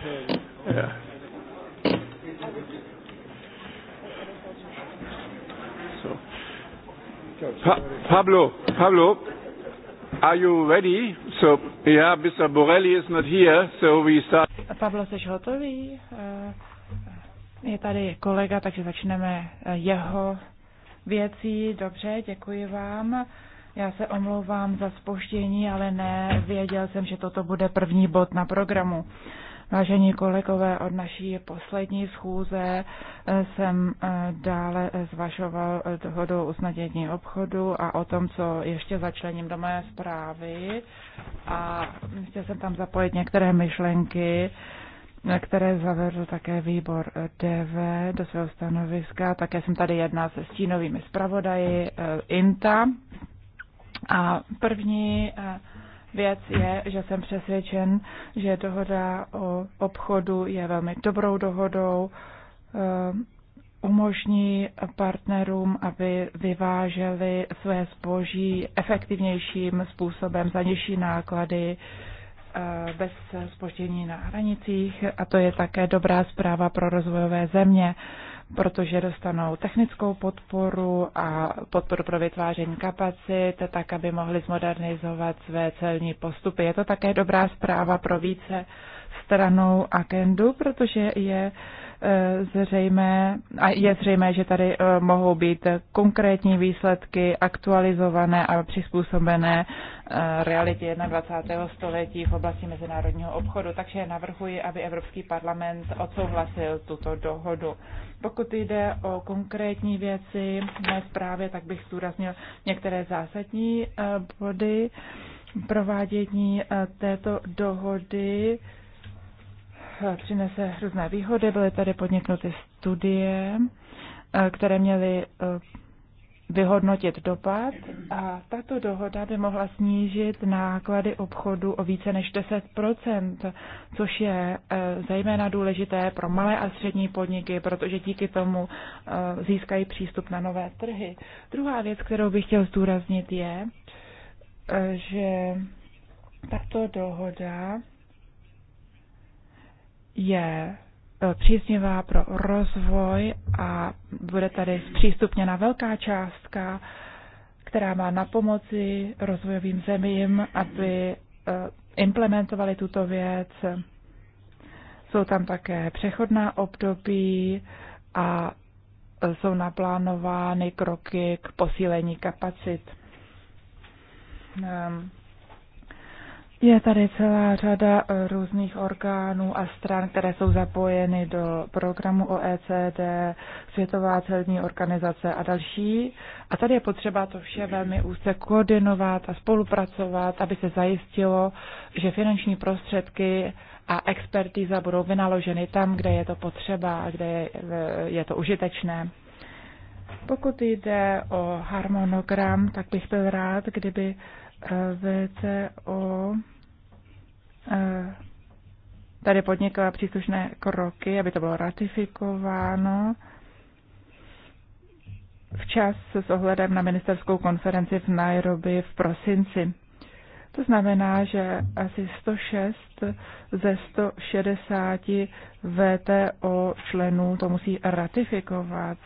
So. Pa- Pablo, Pablo, are you ready? So, yeah, Mr. Borelli is not here, so we start. Pablo, jsi hotový? Eh, je tady kolega, takže začneme eh, jeho věcí. Dobře, děkuji vám. Já se omlouvám za spoždění, ale ne, věděl jsem, že toto bude první bod na programu. Vážení kolegové, od naší poslední schůze eh, jsem eh, dále zvažoval eh, dohodu o usnadění obchodu a o tom, co ještě začlením do mé zprávy. A chtěl jsem tam zapojit některé myšlenky, které zavedl také výbor DV do svého stanoviska. Také jsem tady jedná se stínovými zpravodaji INTA. A první věc je, že jsem přesvědčen, že dohoda o obchodu je velmi dobrou dohodou, eh, umožní partnerům, aby vyváželi své zboží efektivnějším způsobem za nižší náklady eh, bez spoždění na hranicích a to je také dobrá zpráva pro rozvojové země protože dostanou technickou podporu a podporu pro vytváření kapacit, tak aby mohli zmodernizovat své celní postupy. Je to také dobrá zpráva pro více stranou agendu, protože je uh, zřejmé, a je zřejmé, že tady eh, mohou být konkrétní výsledky aktualizované a přizpůsobené eh, realitě 21. století v oblasti mezinárodního obchodu, takže navrhuji, aby Evropský parlament odsouhlasil tuto dohodu. Pokud jde o konkrétní věci mé zprávě, tak bych zdůraznil některé zásadní eh, body provádění této dohody přinese různé výhody. Byly tady podniknuty studie, eh, které měly eh, vyhodnotit dopad a tato dohoda by mohla snížit náklady obchodu o více než 10 což je eh, zejména důležité pro malé a střední podniky, protože díky tomu získají přístup na nové trhy. Druhá věc, kterou bych chtěl zdůraznit, je, že tato dohoda je e, příznivá pro rozvoj a bude tady zpřístupněna velká částka, která má na pomoci rozvojovým zemím, aby e, implementovali tuto věc. Jsou tam také přechodná období a jsou naplánovány kroky k posílení kapacit. Ehm, je tady celá řada eh, různých orgánů a stran, které jsou zapojeny do programu OECD, Světová celní organizace a další. A tady je potřeba to vše velmi úzce koordinovat a spolupracovat, aby se zajistilo, že finanční prostředky a expertíza budou vynaloženy tam, kde je to potřeba a kde je, eh, to užitečné. Pokud jde o harmonogram, tak bych byl rád, kdyby VCO eh, tady podnikla příslušné kroky, aby to bylo ratifikováno včas s ohledem na ministerskou konferenci v Nairobi v prosinci. To znamená, že asi 106 ze 160 VTO členů to musí ratifikovat.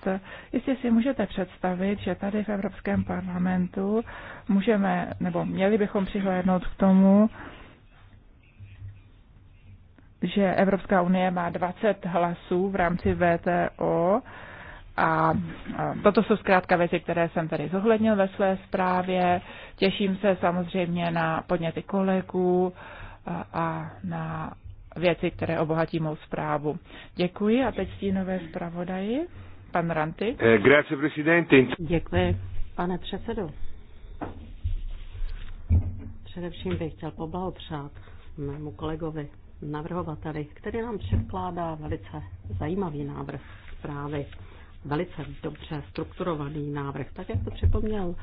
Jistě si můžete představit, že tady v Evropském parlamentu můžeme, nebo měli bychom přihlédnout k tomu, že Evropská unie má 20 hlasů v rámci VTO, a toto jsou zkrátka věci, které jsem tady zohlednil ve své zprávě. Těším se samozřejmě na podněty kolegů a, na věci, které obohatí mou zprávu. Děkuji a teď stínové zpravodaji. Pan Ranty. Eh, grazie, presidente. Děkuji, pane předsedo. Především bych chtěl poblahopřát mému kolegovi, navrhovateli, který nám předkládá velice zajímavý návrh zprávy velice dobře strukturovaný návrh. Tak jak to připomněl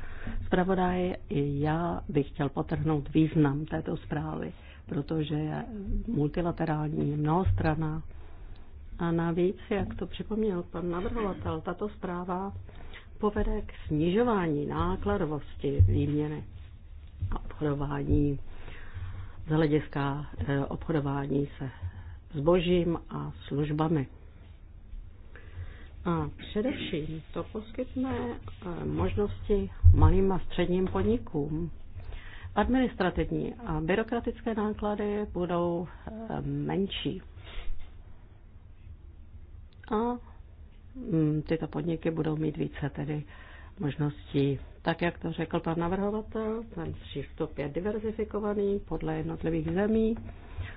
zpravodaj, já bych chtěl potrhnout význam této zprávy, protože je multilaterální, mnohostraná. A navíc, jak to připomněl pan navrhovatel, tato zpráva povede k snižování nákladovosti výměny a obchodování z hlediska eh, obchodování se zbožím a službami. A především to poskytne eh, možnosti malým a středním podnikům. Administrativní a byrokratické náklady budou eh, menší. A mm, tyto podniky budou mít více tedy možností. Tak, jak to řekl pan navrhovatel, ten přístup je diverzifikovaný podle jednotlivých zemí,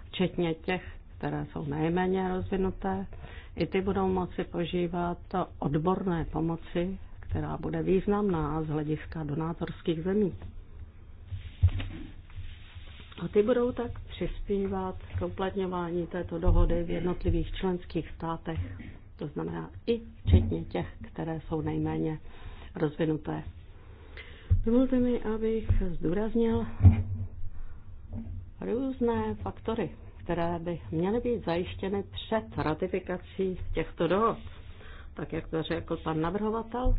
včetně těch, které jsou nejméně rozvinuté, i ty budou moci požívat odborné pomoci, která bude významná z hlediska donátorských zemí. A ty budou tak přispívat k uplatňování této dohody v jednotlivých členských státech, to znamená i včetně těch, které jsou nejméně rozvinuté. Dovolte mi, abych zdůraznil různé faktory, které by měly být zajištěny před ratifikací těchto dohod. Tak jak to řekl pan navrhovatel,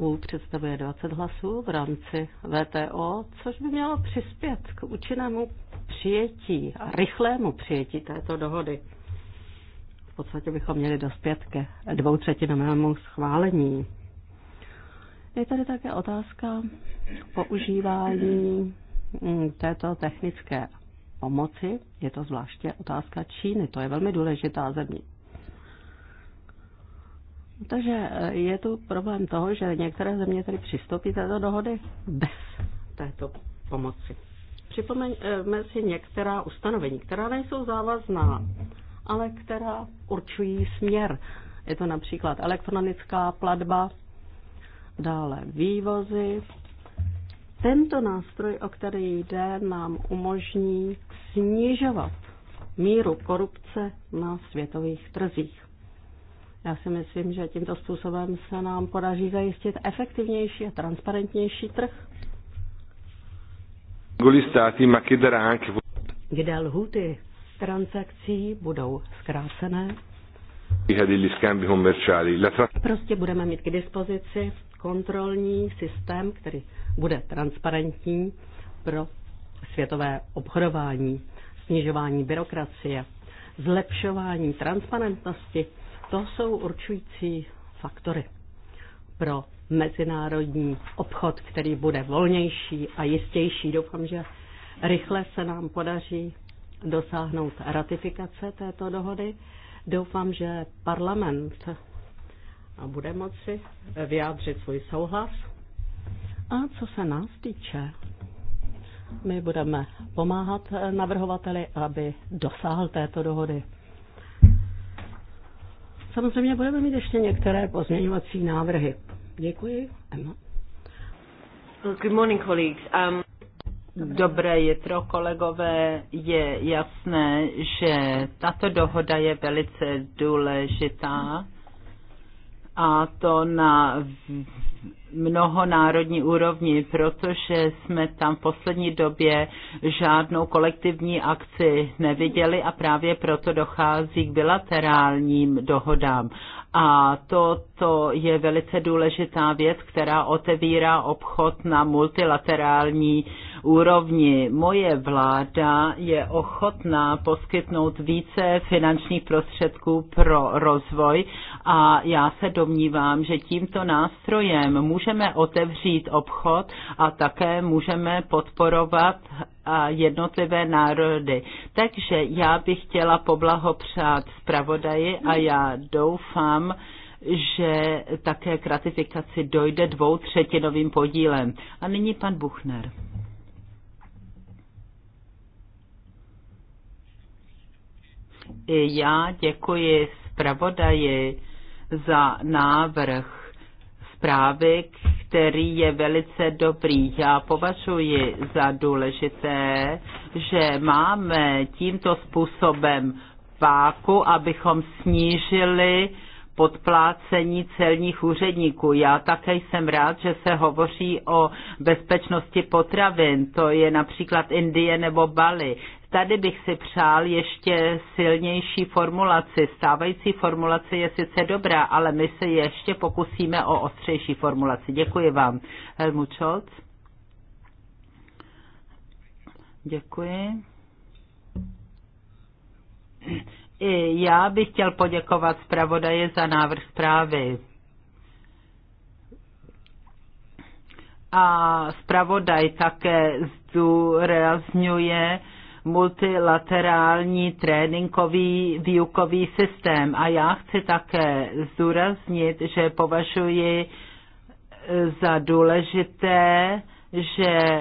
EU představuje 20 hlasů v rámci VTO, což by mělo přispět k účinnému přijetí a rychlému přijetí této dohody. V podstatě bychom měli dospět ke dvoutřetinovému schválení. Je tady také otázka používání této technické pomoci. Je to zvláště otázka Číny, to je velmi důležitá země. Takže eh, je tu problém toho, že některé země tedy přistoupí této dohody bez této pomoci. Připomeňme si některá ustanovení, která nejsou závazná, ale která určují směr. Je to například elektronická platba, dále vývozy. Tento nástroj, o který jde, nám umožní snižovat míru korupce na světových trzích. Já si myslím, že tímto způsobem se nám podaří zajistit efektivnější a transparentnější trh. Kde lhuty transakcí budou zkrácené? Prostě budeme mít k dispozici kontrolní systém, který bude transparentní pro světové obchodování, snižování byrokracie, zlepšování transparentnosti, to jsou určující faktory pro mezinárodní obchod, který bude volnější a jistější. Doufám, že rychle se nám podaří dosáhnout ratifikace této dohody. Doufám, že parlament bude moci vyjádřit svůj souhlas. A co se nás týče, my budeme pomáhat eh, navrhovateli, aby dosáhl této dohody. Samozřejmě budeme mít ještě některé pozměňovací návrhy. Děkuji, Emma. Good morning, colleagues. Um... Dobré jitro, kolegové. Je jasné, že tato dohoda je velice důležitá a to na mnohonárodní úrovni, protože jsme tam v poslední době žádnou kolektivní akci neviděli a právě proto dochází k bilaterálním dohodám. A toto je velice důležitá věc, která otevírá obchod na multilaterální úrovni. Moje vláda je ochotná poskytnout více finančních prostředků pro rozvoj a já se domnívám, že tímto nástrojem můžeme otevřít obchod a také můžeme podporovat a jednotlivé národy. Takže já bych chtěla poblahopřát zpravodaji a já doufám, že také k ratifikaci dojde dvou třetinovým podílem. A nyní pan Buchner. I já děkuji zpravodaji za návrh zprávy, který je velice dobrý. Já považuji za důležité, že máme tímto způsobem páku, abychom snížili podplácení celních úředníků. Já také jsem rád, že se hovoří o bezpečnosti potravin, to je například Indie nebo Bali. Tady bych si přál ještě silnější formulaci. Stávající formulace je sice dobrá, ale my se ještě pokusíme o ostřejší formulaci. Děkuji vám. Helmut Scholz. Děkuji. I já bych chtěl poděkovat zpravodaje za návrh zprávy. A zpravodaj také zdůrazňuje, multilaterální tréninkový výukový systém. A já chci také zdůraznit, že považuji za důležité, že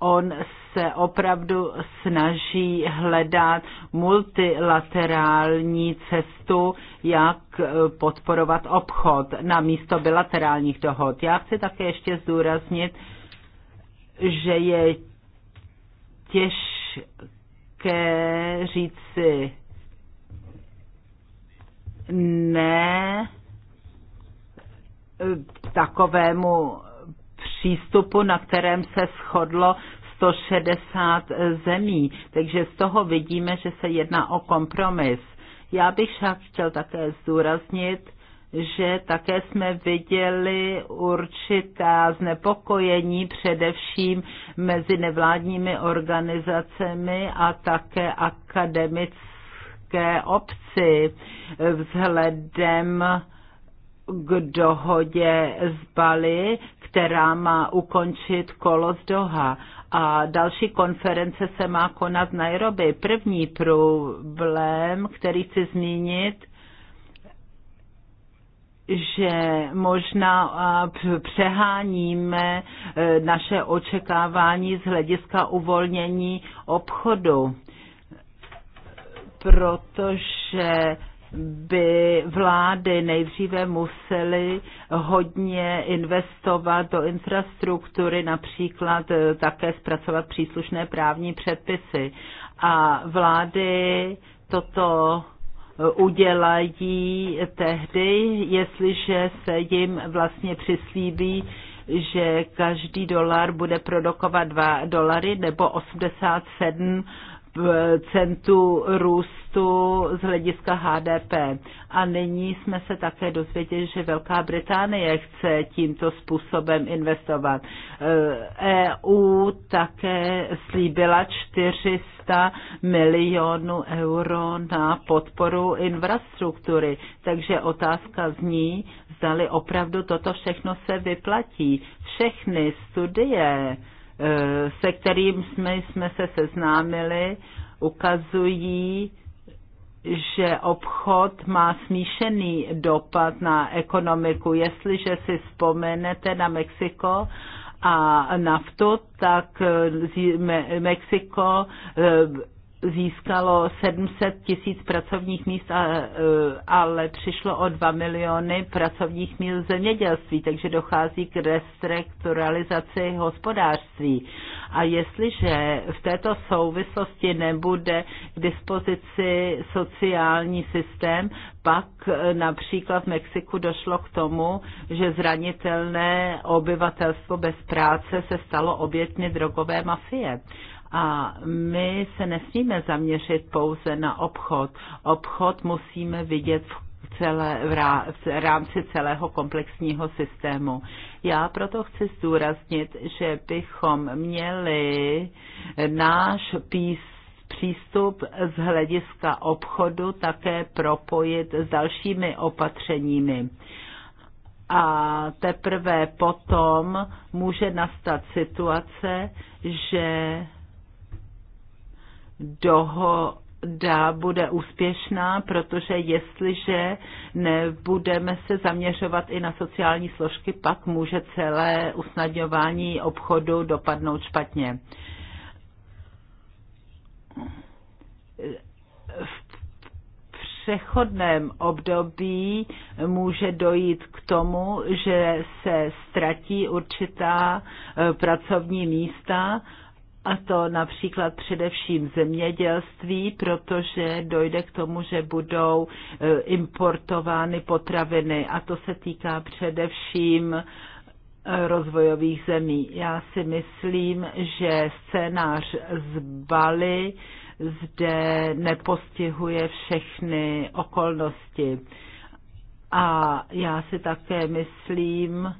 on se opravdu snaží hledat multilaterální cestu, jak podporovat obchod na místo bilaterálních dohod. Já chci také ještě zdůraznit, že je těž těžké říci ne takovému přístupu, na kterém se shodlo 160 zemí. Takže z toho vidíme, že se jedná o kompromis. Já bych však chtěl také zdůraznit, že také jsme viděli určitá znepokojení především mezi nevládními organizacemi a také akademické obci vzhledem k dohodě z Bali, která má ukončit kolo z Doha. A další konference se má konat v Nairobi. První problém, který chci zmínit, že možná přeháníme e, naše očekávání z hlediska uvolnění obchodu, protože by vlády nejdříve musely hodně investovat do infrastruktury, například e, také zpracovat příslušné právní předpisy. A vlády toto Eh, udělají tehdy, jestliže se jim vlastně přislíbí, že každý dolar bude produkovat 2 dolary nebo 87 centu růstu z hlediska HDP. A nyní jsme se také dozvěděli, že Velká Británie chce tímto způsobem investovat. EU e také slíbila 400 milionů euro na podporu infrastruktury. Takže otázka zní, zdali opravdu toto všechno se vyplatí. Všechny studie, Eh, se kterým jsme, jsme se seznámili, ukazují, že obchod má smíšený dopad na ekonomiku. Jestliže si vzpomenete na Mexiko a naftu, tak eh, Mexiko eh, získalo 700 tisíc pracovních míst, e, ale přišlo o 2 miliony pracovních míst v zemědělství, takže dochází k restrukturalizaci hospodářství. A jestliže v této souvislosti nebude k dispozici sociální systém, pak například v Mexiku došlo k tomu, že zranitelné obyvatelstvo bez práce se stalo obětmi drogové mafie. A my se nesmíme zaměřit pouze na obchod. Obchod musíme vidět v celé, v rámci celého komplexního systému. Já proto chci zdůraznit, že bychom měli náš pís přístup z hlediska obchodu také propojit s dalšími opatřeními. A teprve potom může nastat situace, že dohoda bude úspěšná, protože jestliže nebudeme se zaměřovat i na sociální složky, pak může celé usnadňování obchodu dopadnout špatně. V přechodném období může dojít k tomu, že se ztratí určitá eh, pracovní místa a to například především zemědělství, protože dojde k tomu, že budou eh, importovány potraviny a to se týká především eh, rozvojových zemí. Já si myslím, že scénář z Bali zde nepostihuje všechny okolnosti. A já si také myslím,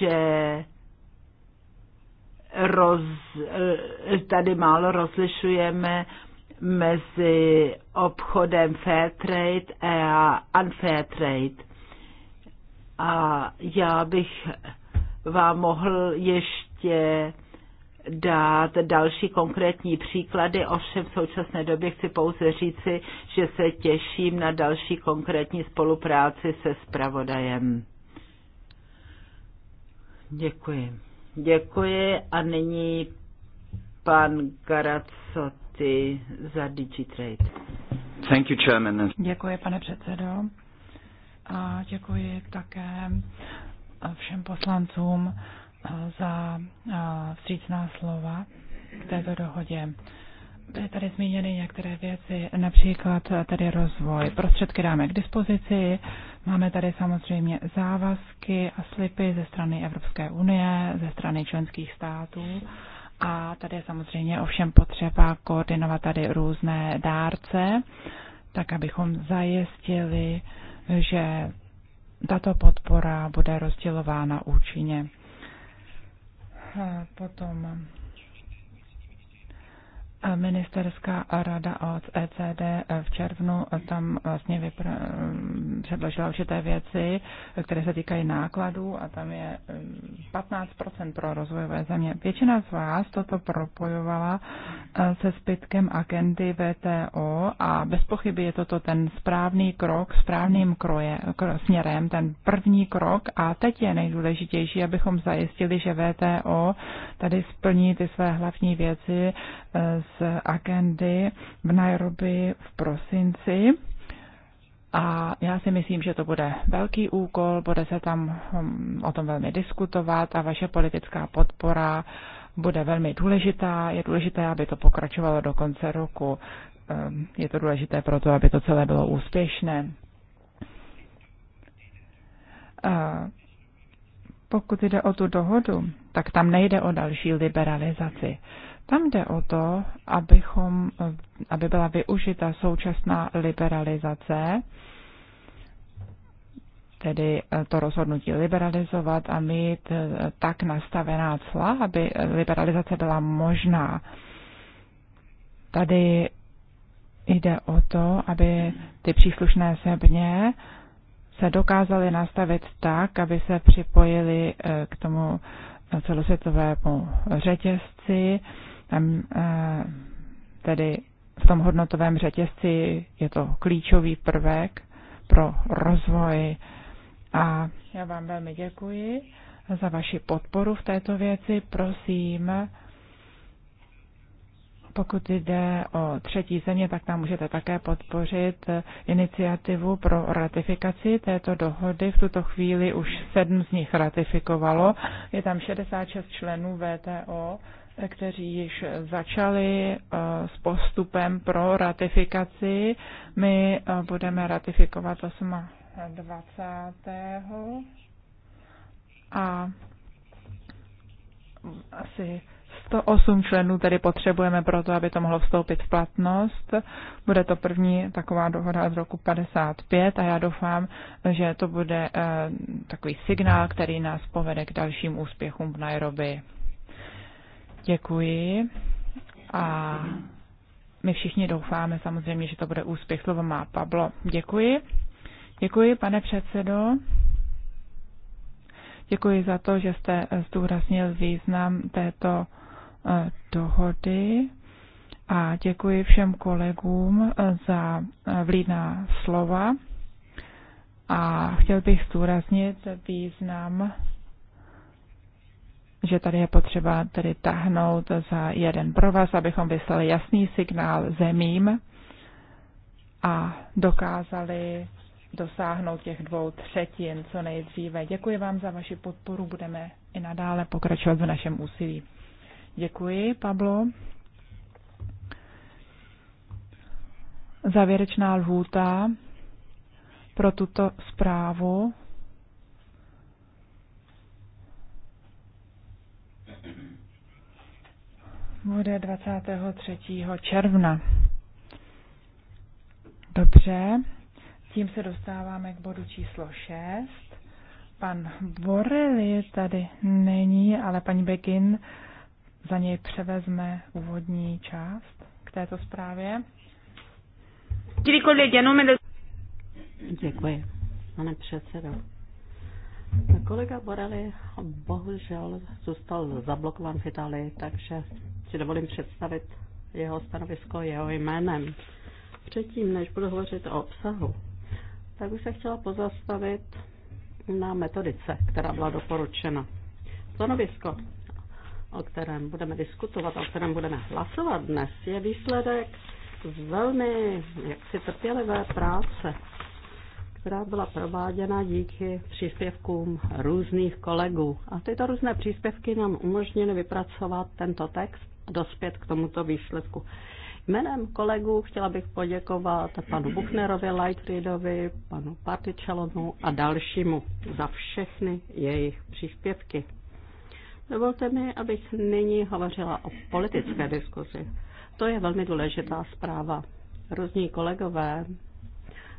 že roz, tady málo rozlišujeme mezi obchodem fair trade a unfair trade. A já bych vám mohl ještě dát další konkrétní příklady, ovšem v současné době chci pouze říci, že se těším na další konkrétní spolupráci se spravodajem. Děkuji. Děkuji a nyní pan Garazzotti za DigiTrade. Thank you, Chairman. Děkuji, pane předsedo. A děkuji také všem poslancům eh, za eh, vstřícná slova k této dohodě. Byly tady zmíněny některé věci, například tady rozvoj. Prostředky dáme k dispozici, máme tady samozřejmě závazky a slipy ze strany Evropské unie, ze strany členských států. A tady je samozřejmě ovšem potřeba koordinovat tady různé dárce, tak abychom zajistili, že tato podpora bude rozdělována účinně. Potom Ministerská rada od ECD v červnu tam vlastně vypr- mm, předložila určité věci, které se týkají nákladů a tam je 15% mm, pro rozvojové země. Většina z vás toto propojovala e, se zbytkem agendy VTO a bez pochyby je toto ten správný krok, správným kroje, kro, směrem, ten první krok a teď je nejdůležitější, abychom zajistili, že VTO tady splní ty své hlavní věci, z agendy v Nairobi v prosinci. A já si myslím, že to bude velký úkol, bude se tam hm, o tom velmi diskutovat a vaše politická podpora bude velmi důležitá. Je důležité, aby to pokračovalo do konce roku. Hm, je to důležité proto, aby to celé bylo úspěšné. Pokud jde o tu dohodu, tak tam nejde o další liberalizaci. Tam jde o to, abychom, aby byla využita současná liberalizace, tedy to rozhodnutí liberalizovat a mít eh, tak nastavená cla, aby liberalizace byla možná. Tady jde o to, aby ty příslušné země se dokázaly nastavit tak, aby se připojili eh, k tomu eh, celosvětovému řetězci tam eh, tedy v tom hodnotovém řetězci je to klíčový prvek pro rozvoj. A já vám velmi děkuji za vaši podporu v této věci. Prosím, pokud jde o třetí země, tak tam můžete také podpořit iniciativu pro ratifikaci této dohody. V tuto chvíli už sedm z nich ratifikovalo. Je tam 66 členů VTO kteří již začali eh, s postupem pro ratifikaci. My eh, budeme ratifikovat 28. a asi 108 členů tedy potřebujeme pro to, aby to mohlo vstoupit v platnost. Bude to první taková dohoda z roku 55 a já doufám, že to bude eh, takový signál, který nás povede k dalším úspěchům v Nairobi. Děkuji. A my všichni doufáme samozřejmě, že to bude úspěch. Slovo má Pablo. Děkuji. Děkuji, pane předsedo. Děkuji za to, že jste eh, zdůraznil význam této eh, dohody a děkuji všem kolegům eh, za vlídná slova. A chtěl bych zdůraznit význam že tady je potřeba tedy tahnout za jeden provaz, abychom vyslali jasný signál zemím a dokázali dosáhnout těch dvou třetin co nejdříve. Děkuji vám za vaši podporu, budeme i nadále pokračovat v našem úsilí. Děkuji, Pablo. Závěrečná lhůta pro tuto zprávu bude 23. června. Dobře, tím se dostáváme k bodu číslo 6. Pan Borelli tady není, ale paní Begin za něj převezme úvodní část k této zprávě. Děkuji, pane předsedo. Kolega Borelli bohužel zůstal zablokován v Itálii, takže si dovolím představit jeho stanovisko jeho jménem. Předtím, než budu hovořit o obsahu, tak bych se chtěla pozastavit na metodice, která byla doporučena. Stanovisko, o kterém budeme diskutovat a o kterém budeme hlasovat dnes, je výsledek velmi jaksi trpělivé práce, která byla prováděna díky příspěvkům různých kolegů. A tyto různé příspěvky nám umožnily vypracovat tento text, dospět k tomuto výsledku. Jménem kolegů chtěla bych poděkovat panu Buchnerovi, Lightreadovi, panu Partičalonu a dalšímu za všechny jejich příspěvky. Dovolte mi, abych nyní hovořila o politické diskuzi. To je velmi důležitá zpráva. Různí kolegové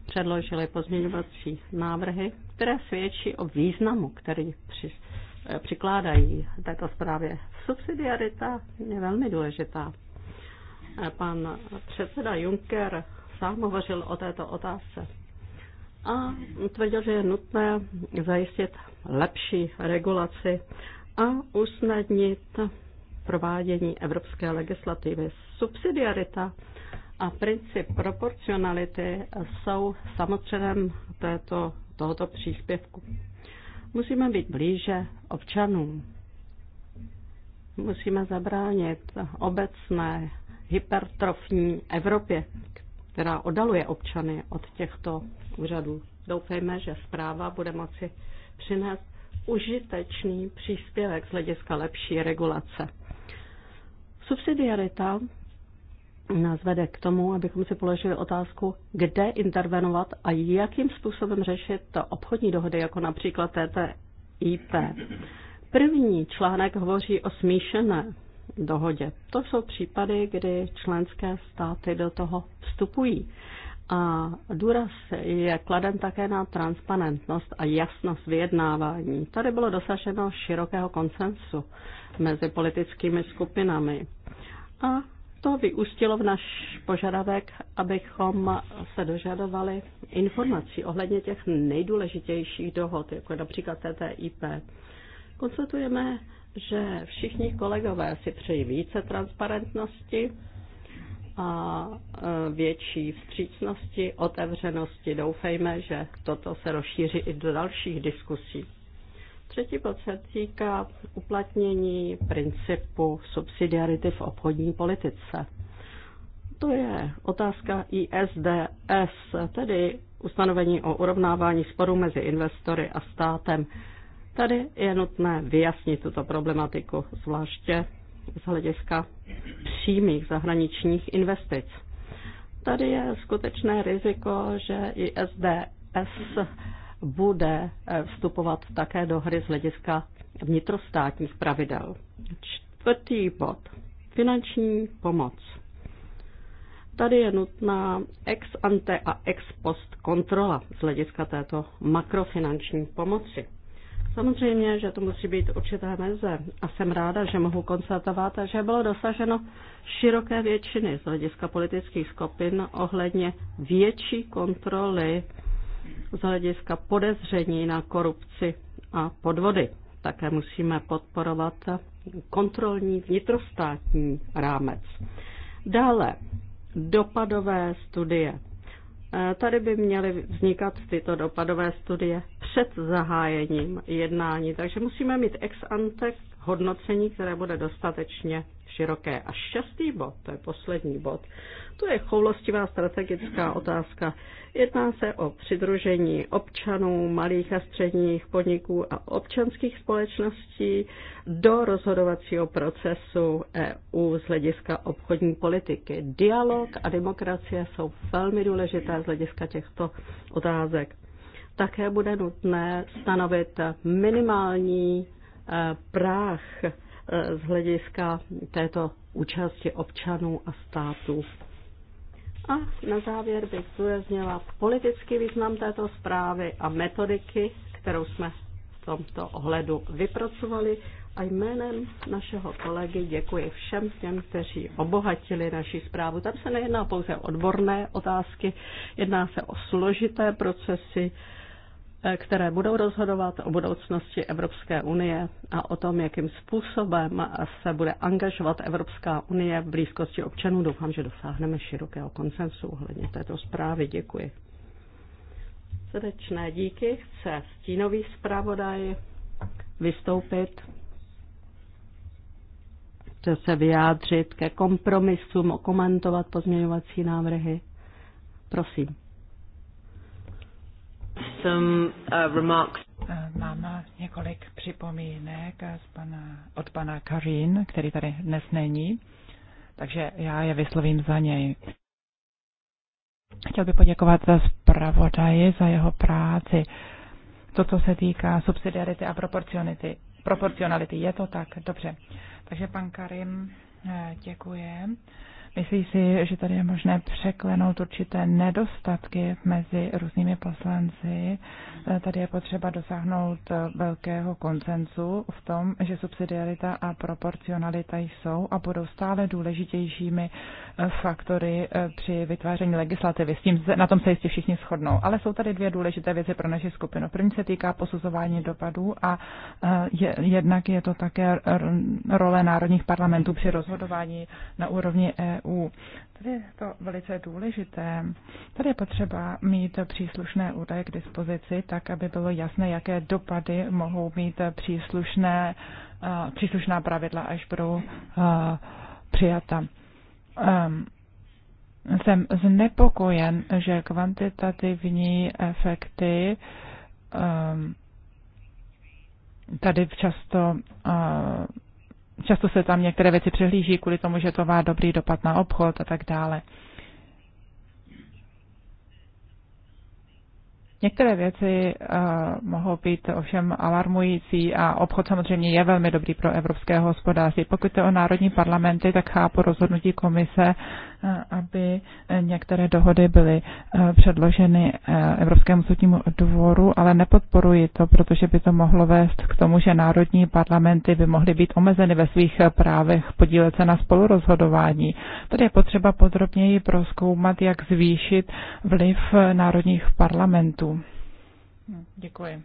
předložili pozměňovací návrhy, které svědčí o významu, který při Eh, přikládají této zprávě. Subsidiarita je velmi důležitá. Eh, pan předseda Juncker sám hovořil o této otázce a tvrdil, že je nutné zajistit lepší regulaci a usnadnit provádění evropské legislativy. Subsidiarita a princip proporcionality jsou samozřejmě této, tohoto příspěvku Musíme být blíže občanům. Musíme zabránit obecné hypertrofní Evropě, která odaluje občany od těchto úřadů. Doufejme, že zpráva bude moci přinést užitečný příspěvek z hlediska lepší regulace. Subsidiarita nás vede k tomu, abychom si položili otázku, kde intervenovat a jakým způsobem řešit obchodní dohody, jako například TTIP. První článek hovoří o smíšené dohodě. To jsou případy, kdy členské státy do toho vstupují. A důraz je kladen také na transparentnost a jasnost vyjednávání. Tady bylo dosaženo širokého konsensu mezi politickými skupinami. A to vyústilo v náš požadavek, abychom se dožadovali informací ohledně těch nejdůležitějších dohod, jako například TTIP. Konstatujeme, že všichni kolegové si přejí více transparentnosti a e, větší vstřícnosti, otevřenosti. Doufejme, že toto se rozšíří i do dalších diskusí. Třetí bod se týká uplatnění principu subsidiarity v obchodní politice. To je otázka ISDS, tedy ustanovení o urovnávání sporů mezi investory a státem. Tady je nutné vyjasnit tuto problematiku, zvláště z hlediska přímých zahraničních investic. Tady je skutečné riziko, že ISDS bude eh, vstupovat také do hry z hlediska vnitrostátních pravidel. Čtvrtý bod. Finanční pomoc. Tady je nutná ex ante a ex post kontrola z hlediska této makrofinanční pomoci. Samozřejmě, že to musí být určité meze a jsem ráda, že mohu konstatovat, že bylo dosaženo široké většiny z hlediska politických skupin ohledně větší kontroly z hlediska podezření na korupci a podvody. Také musíme podporovat kontrolní vnitrostátní rámec. Dále dopadové studie. E, tady by měly vznikat tyto dopadové studie před zahájením jednání, takže musíme mít ex ante hodnocení, které bude dostatečně široké. A šestý bod, to je poslední bod, to je choulostivá strategická otázka. Jedná se o přidružení občanů, malých a středních podniků a občanských společností do rozhodovacího procesu EU z hlediska obchodní politiky. Dialog a demokracie jsou velmi důležité z hlediska těchto otázek. Také bude nutné stanovit minimální Eh, práh eh, z hlediska této účasti občanů a států. A na závěr bych zdůraznila politický význam této zprávy a metodiky, kterou jsme v tomto ohledu vypracovali. A jménem našeho kolegy děkuji všem těm, kteří obohatili naši zprávu. Tam se nejedná pouze o odborné otázky, jedná se o složité procesy, které budou rozhodovat o budoucnosti Evropské unie a o tom, jakým způsobem se bude angažovat Evropská unie v blízkosti občanů. Doufám, že dosáhneme širokého konsensu ohledně této zprávy. Děkuji. Srdečné díky. Chce stínový zpravodaj vystoupit chce se vyjádřit ke kompromisům, okomentovat pozměňovací návrhy. Prosím some uh, remarks. Eh, mám několik připomínek z pana, od pana Karin, který tady dnes není, takže já je vyslovím za něj. Chtěl bych poděkovat za zpravodaji, za jeho práci. To, co se týká subsidiarity a proporcionality. Proporcionality, je to tak? Dobře. Takže pan Karim eh, děkuje Myslí si, že tady je možné překlenout určité nedostatky mezi různými poslanci. Eh, tady je potřeba dosáhnout eh, velkého koncenzu v tom, že subsidiarita a proporcionalita jsou a budou stále důležitějšími eh, faktory při vytváření legislativy. S tím na tom se jistě všichni shodnou. Ale jsou tady dvě důležité věci pro naši skupinu. První se týká posuzování dopadů a je, jednak je to také role národních parlamentů při rozhodování na úrovni EU EU. Tady je to velice důležité. Tady je potřeba mít příslušné údaje k dispozici, tak aby bylo jasné, jaké dopady mohou mít příslušné, eh, příslušná pravidla, až budou eh, přijata. Ehm, jsem znepokojen, že kvantitativní efekty ehm, tady často eh, často se tam některé věci přehlíží kvůli tomu, že to má dobrý dopad na obchod a tak dále. Některé věci uh, mohou být ovšem alarmující a obchod samozřejmě je velmi dobrý pro evropské hospodářství. Pokud je o národní parlamenty, tak chápu rozhodnutí komise Eh, aby některé dohody byly eh, předloženy eh, Evropskému soudnímu dvoru, ale nepodporuji to, protože by to mohlo vést k tomu, že národní parlamenty by mohly být omezeny ve svých právech podílet se na spolurozhodování. Tady je potřeba podrobněji proskoumat, jak zvýšit vliv národních parlamentů. Děkuji.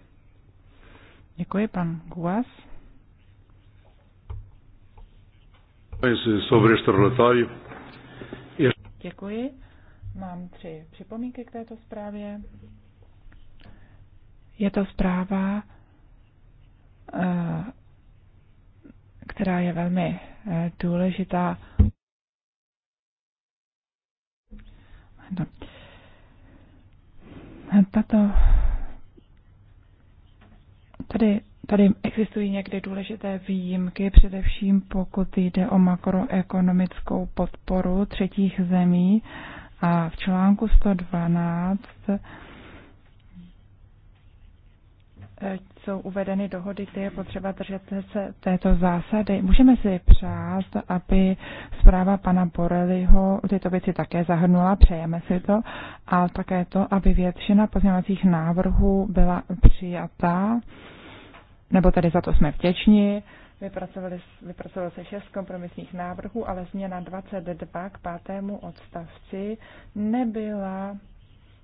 Děkuji, pan Guas. Sobre este relatório Děkuji. Mám tři připomínky k této zprávě. Je to zpráva, eh, která je velmi eh, důležitá. No. Tato tady Tady existují někdy důležité výjimky, především pokud jde o makroekonomickou podporu třetích zemí. A v článku 112 eh, jsou uvedeny dohody, kde je potřeba držet se této zásady. Můžeme si přát, aby zpráva pana Borelliho tyto věci také zahrnula, přejeme si to, a také to, aby většina pozměňovacích návrhů byla přijatá nebo tady za to jsme vděční. Vypracovali, se šest kompromisních návrhů, ale změna 22 k pátému odstavci nebyla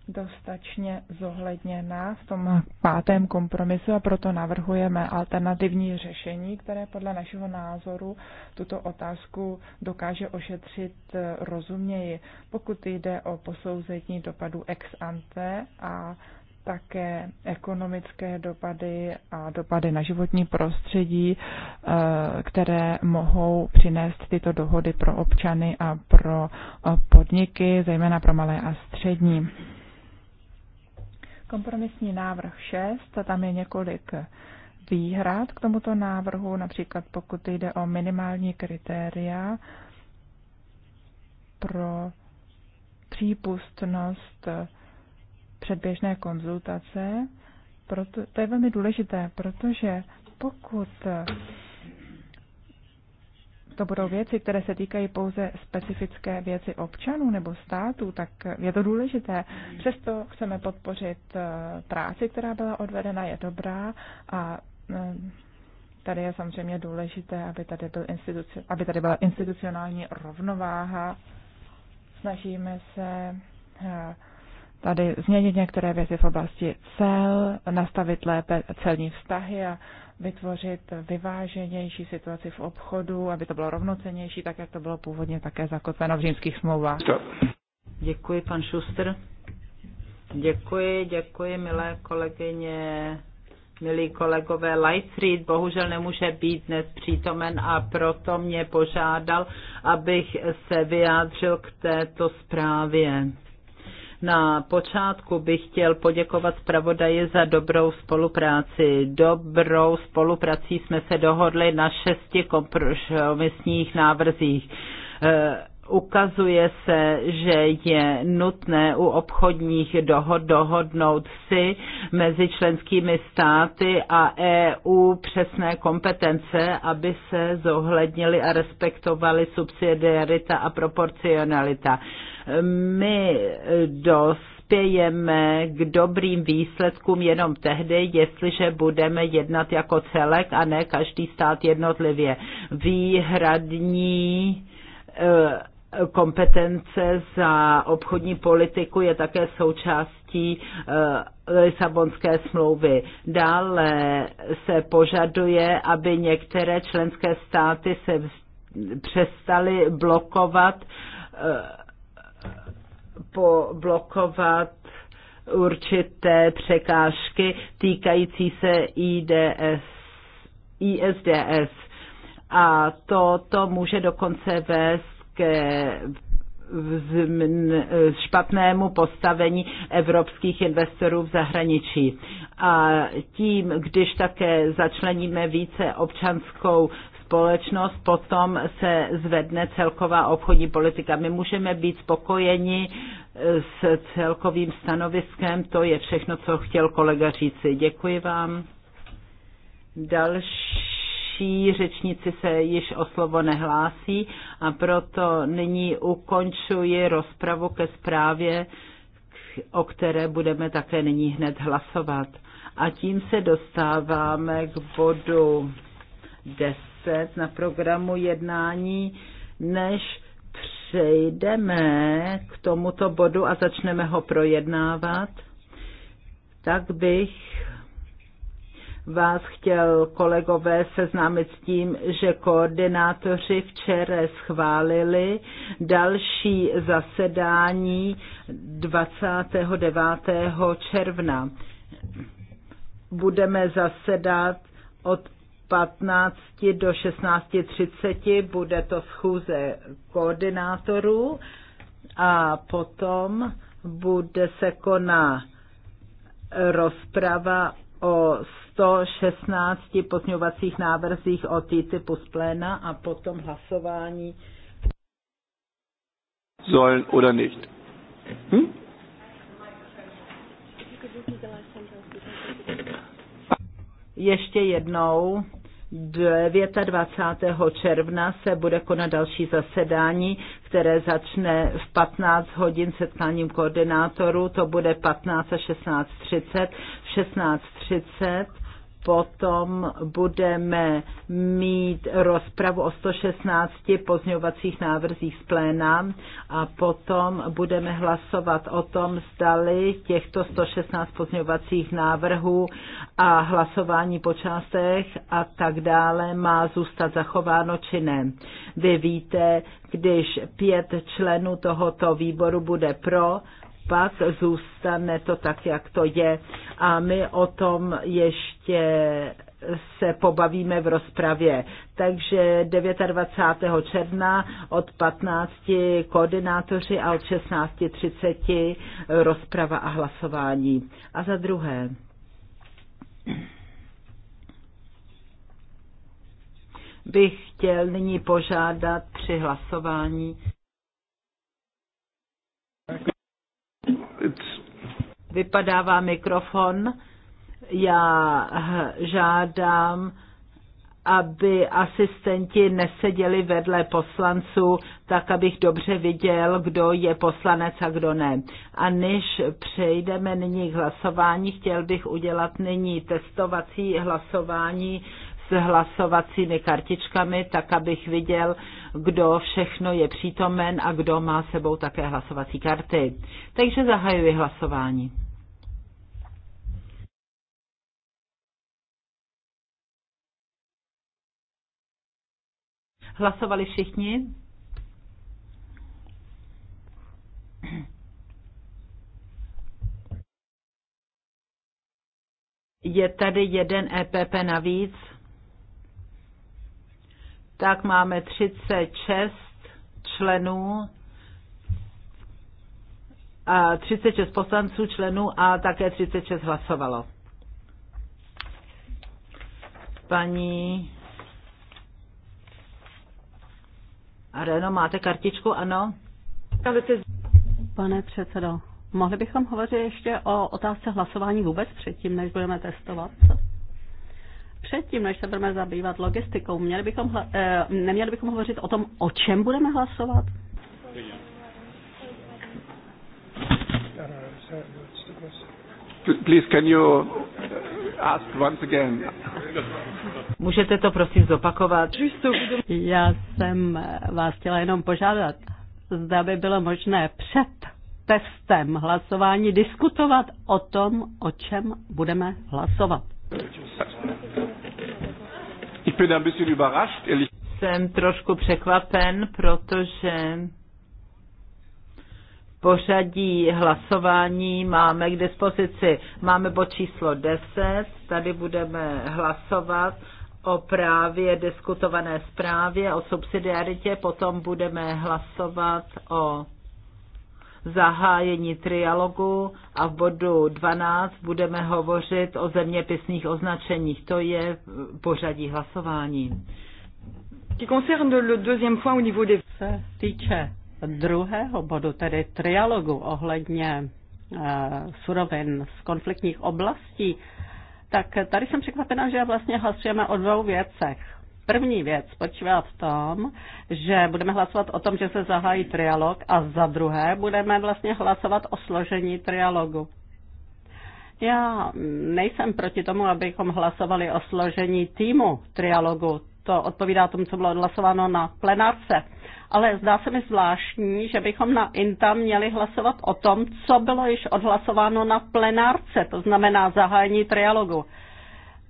dostačně zohledněna v tom pátém kompromisu a proto navrhujeme alternativní řešení, které podle našeho názoru tuto otázku dokáže ošetřit eh, rozumněji, pokud jde o posouzení dopadu ex ante a také ekonomické dopady a dopady na životní prostředí, eh, které mohou přinést tyto dohody pro občany a pro eh, podniky, zejména pro malé a střední. Kompromisní návrh 6, tam je několik výhrad k tomuto návrhu, například pokud jde o minimální kritéria pro přípustnost předběžné konzultace. Proto, to je velmi důležité, protože pokud to budou věci, které se týkají pouze specifické věci občanů nebo států, tak je to důležité. Přesto chceme podpořit eh, práci, která byla odvedena, je dobrá a eh, tady je samozřejmě důležité, aby tady, byl instituci- aby tady byla institucionální rovnováha. Snažíme se eh, tady změnit některé věci v oblasti cel, nastavit lépe celní vztahy a vytvořit vyváženější situaci v obchodu, aby to bylo rovnocenější, tak jak to bylo původně také zakotveno v římských smlouvách. Děkuji, pan Šuster. Děkuji, děkuji, milé kolegyně, milí kolegové. Lightstreet bohužel nemůže být dnes přítomen a proto mě požádal, abych se vyjádřil k této zprávě. Na počátku bych chtěl poděkovat zpravodaji za dobrou spolupráci. Dobrou spoluprací jsme se dohodli na šesti kompromisních návrzích Ukazuje se, že je nutné u obchodních dohod dohodnout si mezi členskými státy a EU přesné kompetence, aby se zohlednili a respektovali subsidiarita a proporcionalita. My dost k dobrým výsledkům jenom tehdy, jestliže budeme jednat jako celek a ne každý stát jednotlivě. Výhradní eh, kompetence za obchodní politiku je také součástí eh, Lisabonské smlouvy. Dále se požaduje, aby některé členské státy se přestaly blokovat eh, po blokovat určité překážky týkající se IDS, ISDS. A to, to může dokonce vést ke špatnému postavení evropských investorů v zahraničí. A tím, když také začleníme více občanskou společnost, potom se zvedne celková obchodní politika. My můžeme být spokojeni s celkovým stanoviskem, to je všechno, co chtěl kolega říci. Děkuji vám. Další další řečníci se již o slovo nehlásí a proto nyní ukončuji rozpravu ke zprávě, o které budeme také nyní hned hlasovat. A tím se dostáváme k bodu 10 na programu jednání, než přejdeme k tomuto bodu a začneme ho projednávat, tak bych vás chtěl kolegové seznámit s tím, že koordinátoři včera schválili další zasedání 29. června. Budeme zasedat od 15 do 16.30 bude to schůze koordinátorů a potom bude se koná rozprava o 116 pozňovacích návrzích o TTIPu z pléna a potom hlasování. Sollen oder nicht? Hm? Ještě jednou. 29. června se bude konat další zasedání, které začne v 15 hodin setkáním koordinátorů. To bude 15 a 16.30. V 16.30 potom budeme mít rozpravu o 116 pozňovacích návrzích z pléna a potom budeme hlasovat o tom, zdali těchto 116 pozňovacích návrhů a hlasování po částech a tak dále má zůstat zachováno či ne. Vy víte, když pět členů tohoto výboru bude pro, pak zůstane to tak, jak to je. A my o tom ještě se pobavíme v rozpravě. Takže 29. června od 15 koordinátoři a od 16.30 rozprava a hlasování. A za druhé. Bych chtěl nyní požádat při hlasování it's... Vypadává mikrofon. Já žádám, aby asistenti neseděli vedle poslanců, tak abych dobře viděl, kdo je poslanec a kdo ne. A než přejdeme nyní k hlasování, chtěl bych udělat nyní testovací hlasování s hlasovacími kartičkami, tak abych viděl, kdo všechno je přítomen a kdo má sebou také hlasovací karty. Takže zahajuji hlasování. Hlasovali všichni? Je tady jeden EPP navíc tak máme 36 členů a 36 poslanců členů a také 36 hlasovalo. Paní Areno, máte kartičku? Ano. Pane předsedo, mohli bychom hovořit ještě o otázce hlasování vůbec předtím, než budeme testovat? předtím, než se budeme zabývat logistikou, měli bychom, eh, neměli bychom hovořit o tom, o čem budeme hlasovat? Please, can you uh, ask once again? Můžete to prosím zopakovat? Já jsem vás chtěla jenom požádat, zda by bylo možné před testem hlasování diskutovat o tom, o čem budeme hlasovat bin ein bisschen überrascht, ehrlich. Jsem trošku překvapen, protože pořadí hlasování máme k dispozici. Máme bod číslo 10, tady budeme hlasovat o právě diskutované zprávě, o subsidiaritě, potom budeme hlasovat o zahájení trialogu a v bodu 12 budeme hovořit o zeměpisných označeních. To je pořadí hlasování. Se týče druhého bodu, tedy trialogu ohledně eh, surovin z konfliktních oblastí, tak tady jsem překvapená, že vlastně hlasujeme o dvou věcech. První věc spočívá v tom, že budeme hlasovat o tom, že se zahájí trialog a za druhé budeme vlastně hlasovat o složení trialogu. Já nejsem proti tomu, abychom hlasovali o složení týmu trialogu. To odpovídá tomu, co bylo odhlasováno na plenárce. Ale zdá se mi zvláštní, že bychom na INTA měli hlasovat o tom, co bylo již odhlasováno na plenárce, to znamená zahájení trialogu.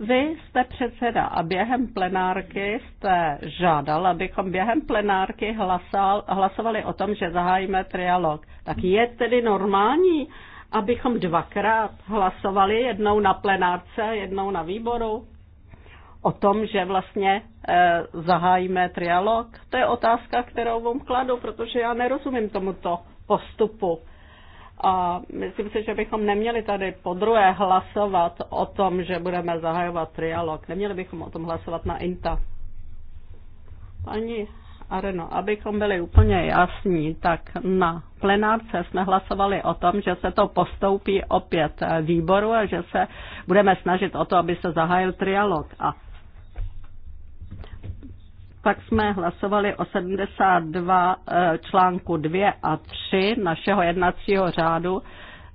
Vy jste předseda a během plenárky jste žádal, abychom během plenárky hlasal, hlasovali o tom, že zahájíme trialog. Tak je tedy normální, abychom dvakrát hlasovali, jednou na plenárce, jednou na výboru, o tom, že vlastně e, zahájíme trialog? To je otázka, kterou vám kladu, protože já nerozumím tomuto postupu. A myslím si, že bychom neměli tady podruhé hlasovat o tom, že budeme zahajovat trialog. Neměli bychom o tom hlasovat na INTA. Paní Areno, abychom byli úplně jasní, tak na plenárce jsme hlasovali o tom, že se to postoupí opět výboru a že se budeme snažit o to, aby se zahájil trialog. A pak jsme hlasovali o 72 eh, článku 2 a 3 našeho jednacího řádu,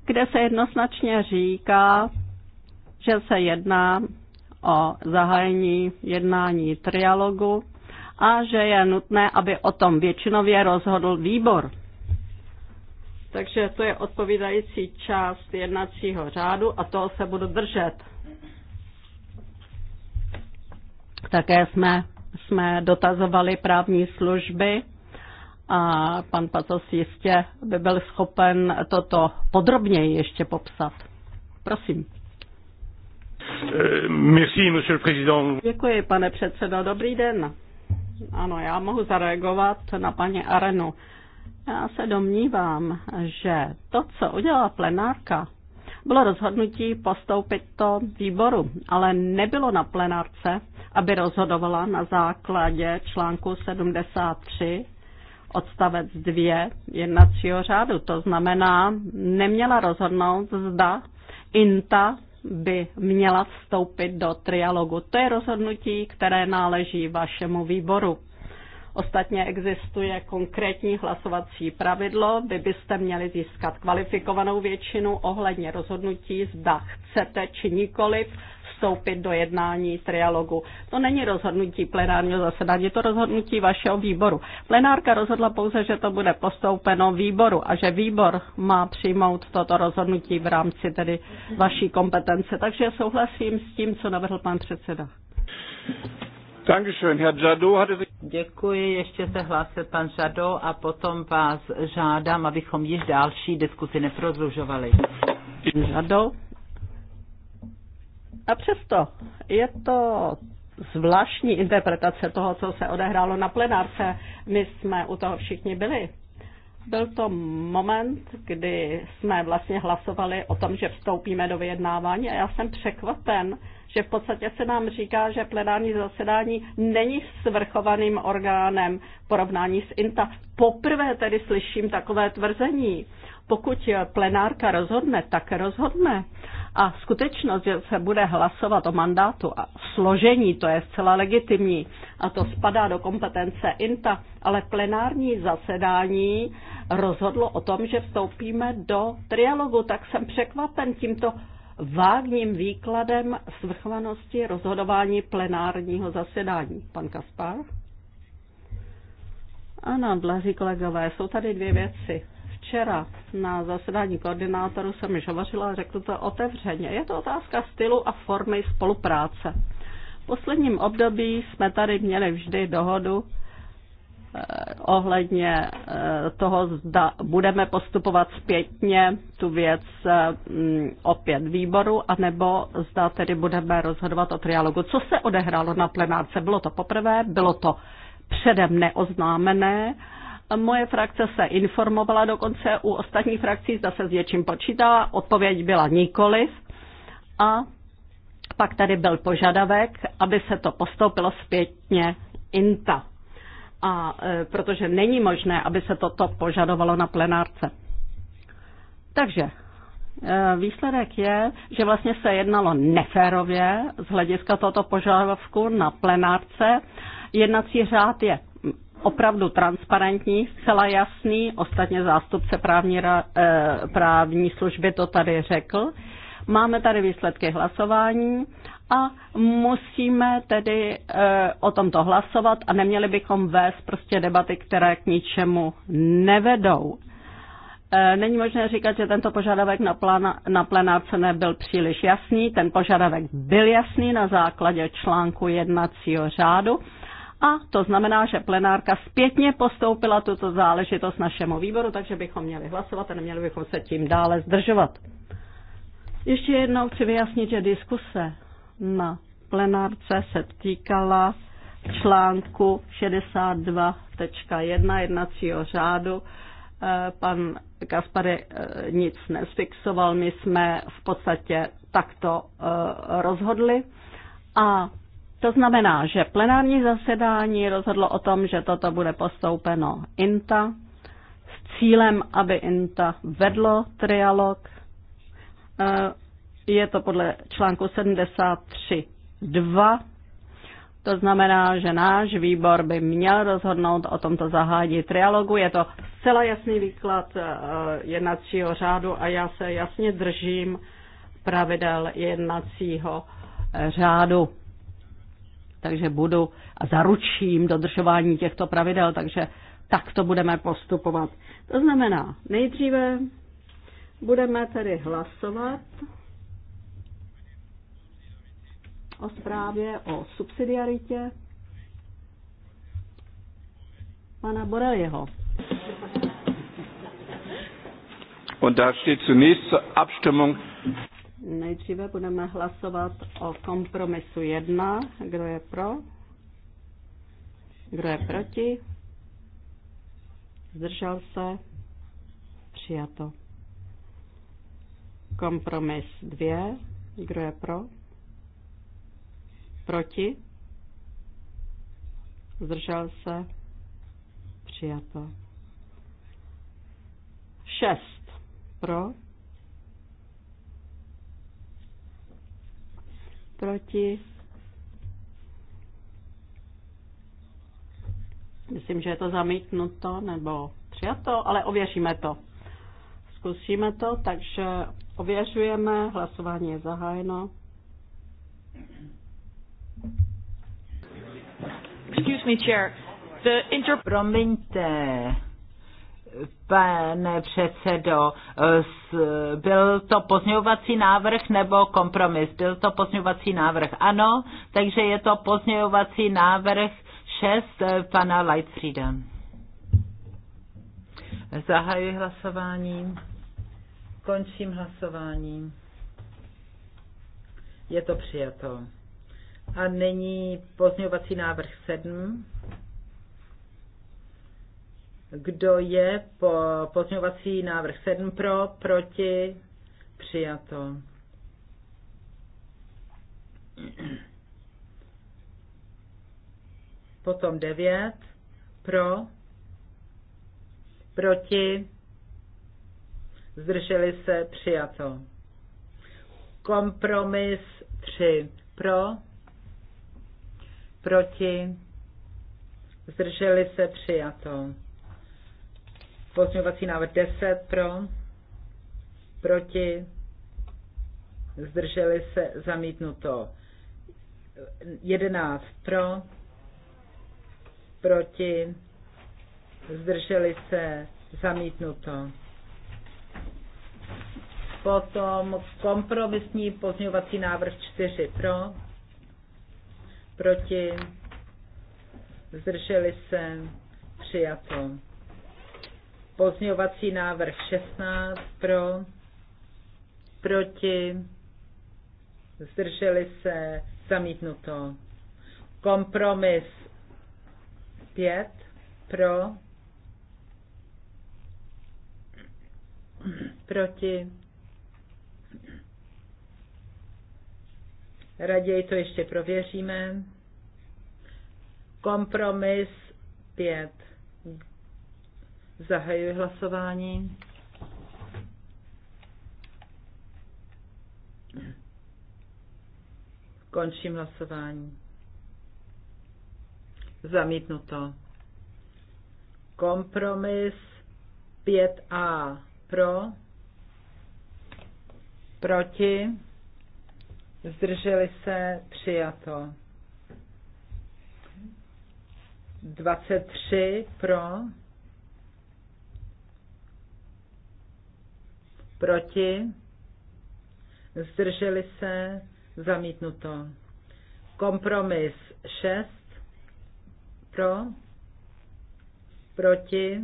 kde se jednoznačně říká, že se jedná o zahájení jednání trialogu a že je nutné, aby o tom většinově rozhodl výbor. Takže to je odpovídající část jednacího řádu a toho se budu držet. Také jsme jsme dotazovali právní služby a pan Pacos jistě by byl schopen toto podrobněji ještě popsat. Prosím. Eh, merci, monsieur le président. Děkuji, pane předsedo. Dobrý den. Ano, já mohu zareagovat na paní Arenu. Já se domnívám, že to, co udělala plenárka, bylo rozhodnutí postoupit to výboru, ale nebylo na plenárce, aby rozhodovala na základě článku 73 odstavec 2 jednacího řádu. To znamená, neměla rozhodnout, zda INTA by měla vstoupit do trialogu. To je rozhodnutí, které náleží vašemu výboru. Ostatně existuje konkrétní hlasovací pravidlo, vy byste měli získat kvalifikovanou většinu ohledně rozhodnutí, zda chcete či nikoliv vstoupit do jednání trialogu. To není rozhodnutí plenárního zasedání, je to rozhodnutí vašeho výboru. Plenárka rozhodla pouze, že to bude postoupeno výboru a že výbor má přijmout toto rozhodnutí v rámci tedy vaší kompetence. Takže souhlasím s tím, co navrhl pan předseda. Děkuji, ještě se hlásil pan Žado a potom vás žádám, abychom již další diskusi neprodlužovali. Žado. A přesto je to zvláštní interpretace toho, co se odehrálo na plenárce. My jsme u toho všichni byli. Byl to moment, kdy jsme vlastně hlasovali o tom, že vstoupíme do vyjednávání a já jsem překvapen, že v podstatě se nám říká, že plenární zasedání není svrchovaným orgánem porovnání s INTA. Poprvé tedy slyším takové tvrzení. Pokud plenárka rozhodne, tak rozhodne. A skutečnost, že se bude hlasovat o mandátu a složení, to je zcela legitimní a to spadá do kompetence INTA, ale plenární zasedání rozhodlo o tom, že vstoupíme do trialogu, tak jsem překvapen tímto vágním výkladem svrchovanosti rozhodování plenárního zasedání. Pan Kaspar? Ano, dlaří kolegové, jsou tady dvě věci. Včera na zasedání koordinátoru jsem již hovořila a řekl to otevřeně. Je to otázka stylu a formy spolupráce. V posledním období jsme tady měli vždy dohodu, Eh, ohledně eh, toho, zda budeme postupovat zpětně tu věc eh, mm, opět výboru, anebo zda tedy budeme rozhodovat o trialogu. Co se odehrálo na plenárce? Bylo to poprvé, bylo to předem neoznámené. Moje frakce se informovala dokonce u ostatních frakcí, zda se s něčím počítá. Odpověď byla nikoliv. A pak tady byl požadavek, aby se to postoupilo zpětně INTA a e, protože není možné, aby se toto požadovalo na plenárce. Takže e, Výsledek je, že vlastně se jednalo neférově z hlediska tohoto požadavku na plenárce. Jednací řád je opravdu transparentní, zcela jasný, ostatně zástupce právní, e, právní služby to tady řekl. Máme tady výsledky hlasování a musíme tedy eh, o tomto hlasovat a neměli bychom vést prostě debaty, které k ničemu nevedou. Eh, není možné říkat, že tento požadavek na, plana, na plenárce nebyl příliš jasný. Ten požadavek byl jasný na základě článku jednacího řádu a to znamená, že plenárka zpětně postoupila tuto záležitost našemu výboru, takže bychom měli hlasovat a neměli bychom se tím dále zdržovat. Ještě jednou chci vyjasnit, že diskuse na plenárce se týkala článku 62.1 jednacího řádu. Eh, pan Kaspary eh, nic nesfixoval, my jsme v podstatě takto eh, rozhodli. A to znamená, že plenární zasedání rozhodlo o tom, že toto bude postoupeno INTA s cílem, aby INTA vedlo trialog je to podle článku 73.2. To znamená, že náš výbor by měl rozhodnout o tomto zahájení trialogu. Je to zcela jasný výklad eh, jednacího řádu a já se jasně držím pravidel jednacího eh, řádu. Takže budu a zaručím dodržování těchto pravidel, takže tak to budeme postupovat. To znamená, nejdříve budeme tedy hlasovat o zprávě o subsidiaritě pana Borelieho. Und da steht zunächst zur Abstimmung. Nejdříve budeme hlasovat o kompromisu 1. Kdo je pro? Kdo je proti? Zdržel se? Přijato. Kompromis 2. Kdo je pro? Proti? Zdržel se? Přijato. Šest. Pro? Proti? Myslím, že je to zamítnuto nebo přijato, ale ověříme to. Zkusíme to, takže ověřujeme, hlasování je zahájeno. Excuse me, chair. The inter... Promiňte, pane předsedo, byl to pozměňovací návrh nebo kompromis? Byl to pozměňovací návrh, ano, takže je to pozměňovací návrh 6 eh, pana Lightfrieda. Zahajuji hlasování. Končím hlasování. Je to přijato. A není pozměňovací návrh 7. Kdo je po pozměňovací návrh 7 pro, proti, přijato. Potom 9 pro, proti, zdrželi se, přijato. Kompromis 3 pro, proti, zdrželi se, přijato. Pozměňovací návrh 10 pro, proti, zdrželi se, zamítnuto. 11 pro, proti, zdrželi se, zamítnuto. Potom kompromisní pozměňovací návrh 4 pro, proti, zdrželi se, přijato. Pozměňovací návrh 16 pro, proti, zdrželi se, zamítnuto. Kompromis 5 pro, proti, Raději to ještě prověříme. Kompromis 5. Zahajuji hlasování. Končím hlasování. Zamítnuto. Kompromis 5a pro, proti, zdrželi se, přijato. 23 pro, proti, zdrželi se, zamítnuto. Kompromis 6 pro, proti,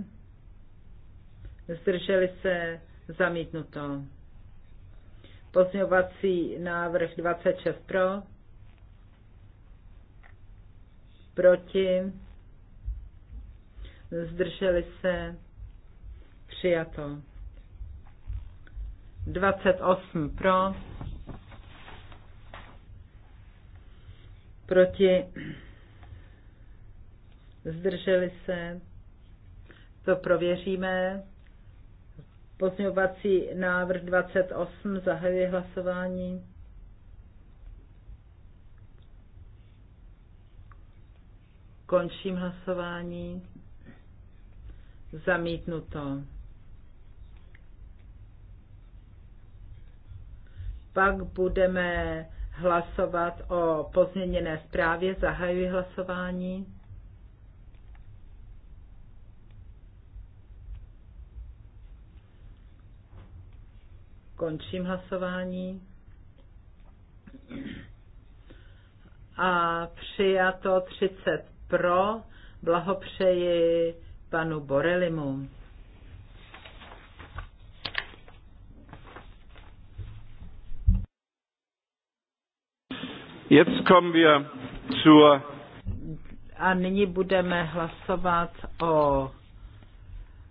zdrželi se, zamítnuto. Pozměňovací návrh 26 pro. Proti. Zdrželi se. Přijato. 28 pro. Proti. Zdrželi se. To prověříme. Pozměňovací návrh 28 zahajuje hlasování. Končím hlasování. Zamítnuto. Pak budeme hlasovat o pozměněné zprávě. Zahajuji hlasování. Končím hlasování. A přijato 30 pro. Blahopřeji panu Borelimu. Jetzt kommen wir zur a nyní budeme hlasovat o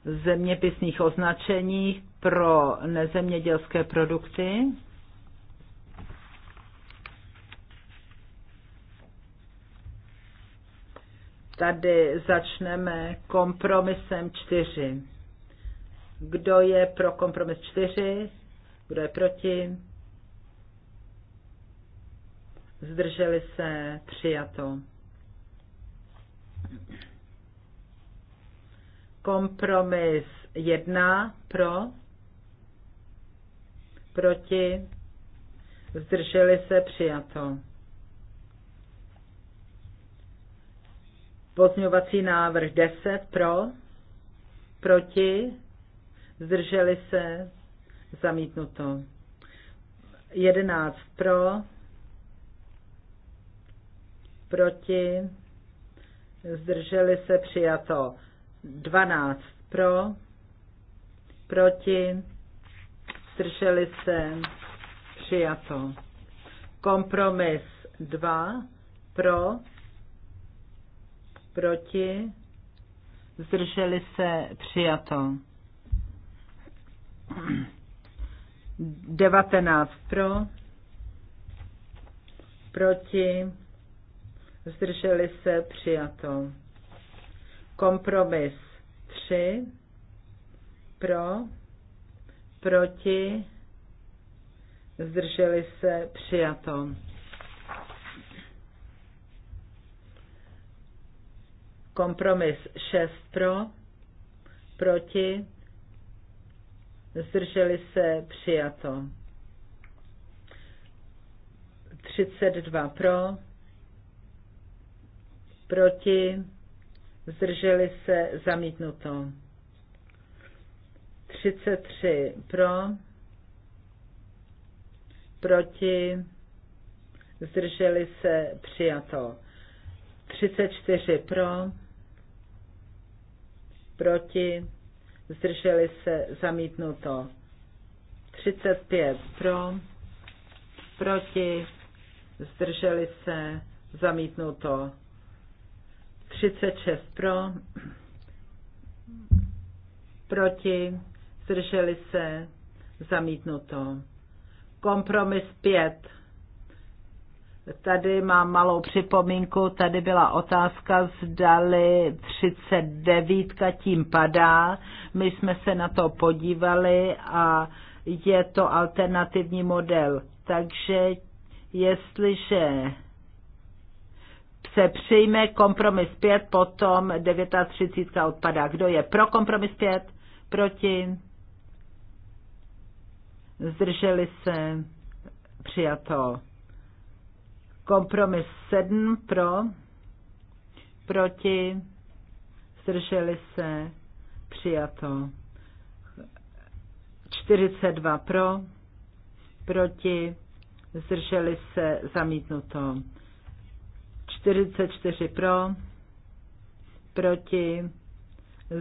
zeměpisných označeních pro nezemědělské produkty. Tady začneme kompromisem čtyři. Kdo je pro kompromis čtyři? Kdo je proti? Zdrželi se? Přijato. Kompromis jedna pro proti, zdrželi se, přijato. Pozňovací návrh 10 pro, proti, zdrželi se, zamítnuto. 11 pro, proti, zdrželi se, přijato. 12 pro, proti, zdrželi se, přijato. Kompromis 2, pro, proti, zdrželi se, přijato. 19 pro, proti, zdrželi se, přijato. Kompromis 3, pro, proti, zdrželi se, přijato. Kompromis 6 pro, proti, zdrželi se, přijato. 32 pro, proti, zdrželi se, zamítnuto. 33 pro, proti, zdrželi se, přijato. 34 pro, proti, zdrželi se, zamítnuto. 35 pro, proti, zdrželi se, zamítnuto. 36 pro, proti, zdrželi se, zamítnuto. Kompromis 5. Tady mám malou připomínku, tady byla otázka, zdali 39 tím padá. My jsme se na to podívali a je to alternativní model. Takže jestliže se přijme kompromis 5, potom 39 odpadá. Kdo je pro kompromis 5? Proti? zdrželi se, přijato. Kompromis 7 pro, proti, zdrželi se, přijato. 42 pro, proti, zdrželi se, zamítnuto. 44 pro, proti,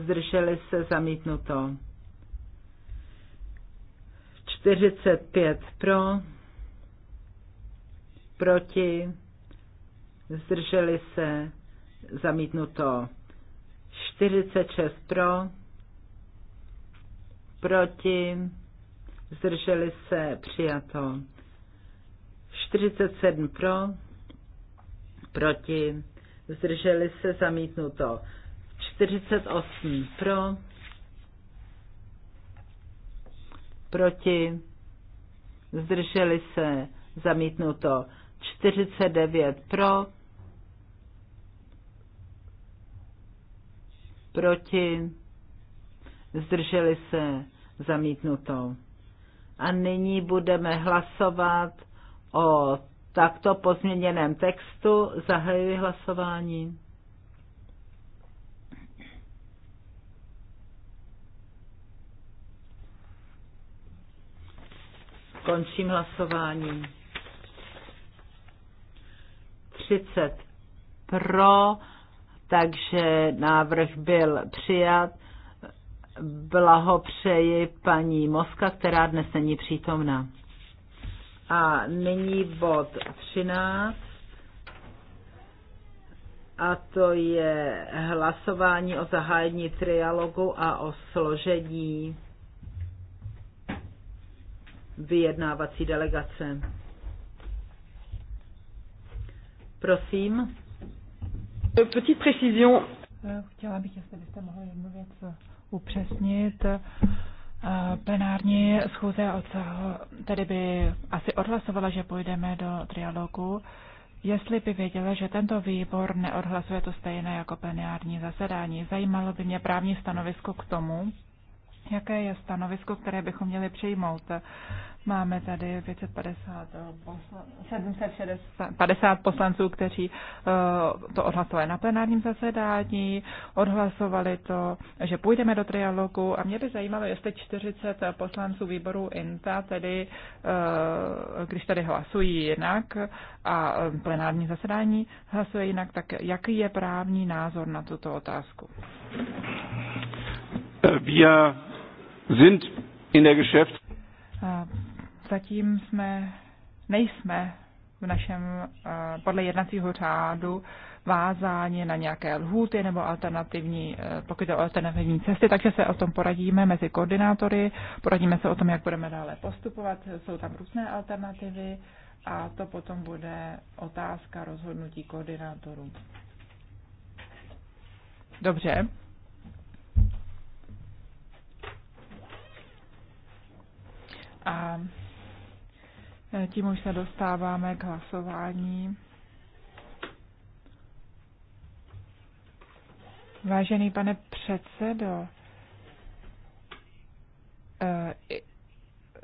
zdrželi se, zamítnuto. 45 pro, proti, zdrželi se, zamítnuto. 46 pro, proti, zdrželi se, přijato. 47 pro, proti, zdrželi se, zamítnuto. 48 pro, proti, zdrželi se, zamítnuto 49 pro, proti, zdrželi se, zamítnuto. A nyní budeme hlasovat o takto pozměněném textu. Zahajuji hlasování. Končím hlasování. 30 pro, takže návrh byl přijat. Blahopřeji paní Moska, která dnes není přítomna. A nyní bod 13. A to je hlasování o zahájení trialogu a o složení vyjednávací delegace. Prosím. Petit précision. Eh, chtěla bych, jestli byste mohli jednu věc upřesnit. Eh, plenární schůze od tedy by asi odhlasovala, že půjdeme do trialogu. Jestli by věděla, že tento výbor neodhlasuje to stejné jako plenární zasedání, zajímalo by mě právní stanovisko k tomu, Jaké je stanovisko, které bychom měli přijmout? Máme tady 550 760, 50 poslanců, kteří eh, to odhlasovali na plenárním zasedání, odhlasovali to, že půjdeme do trialogu a mě by zajímalo, jestli 40 poslanců výboru INTA, tedy eh, když tady hlasují jinak a eh, plenární zasedání hlasuje jinak, tak jaký je právní názor na tuto otázku? Wir sind in der Geschäft. Zatím jsme, nejsme v našem, podle jednacího řádu, vázáni na nějaké lhůty nebo alternativní, e, pokud je o alternativní cesty, takže se o tom poradíme mezi koordinátory, poradíme se o tom, jak budeme dále postupovat, jsou tam různé alternativy a to potom bude otázka rozhodnutí koordinátorů. Dobře, A e, tím už se dostáváme k hlasování. Vážený pane předsedo, e,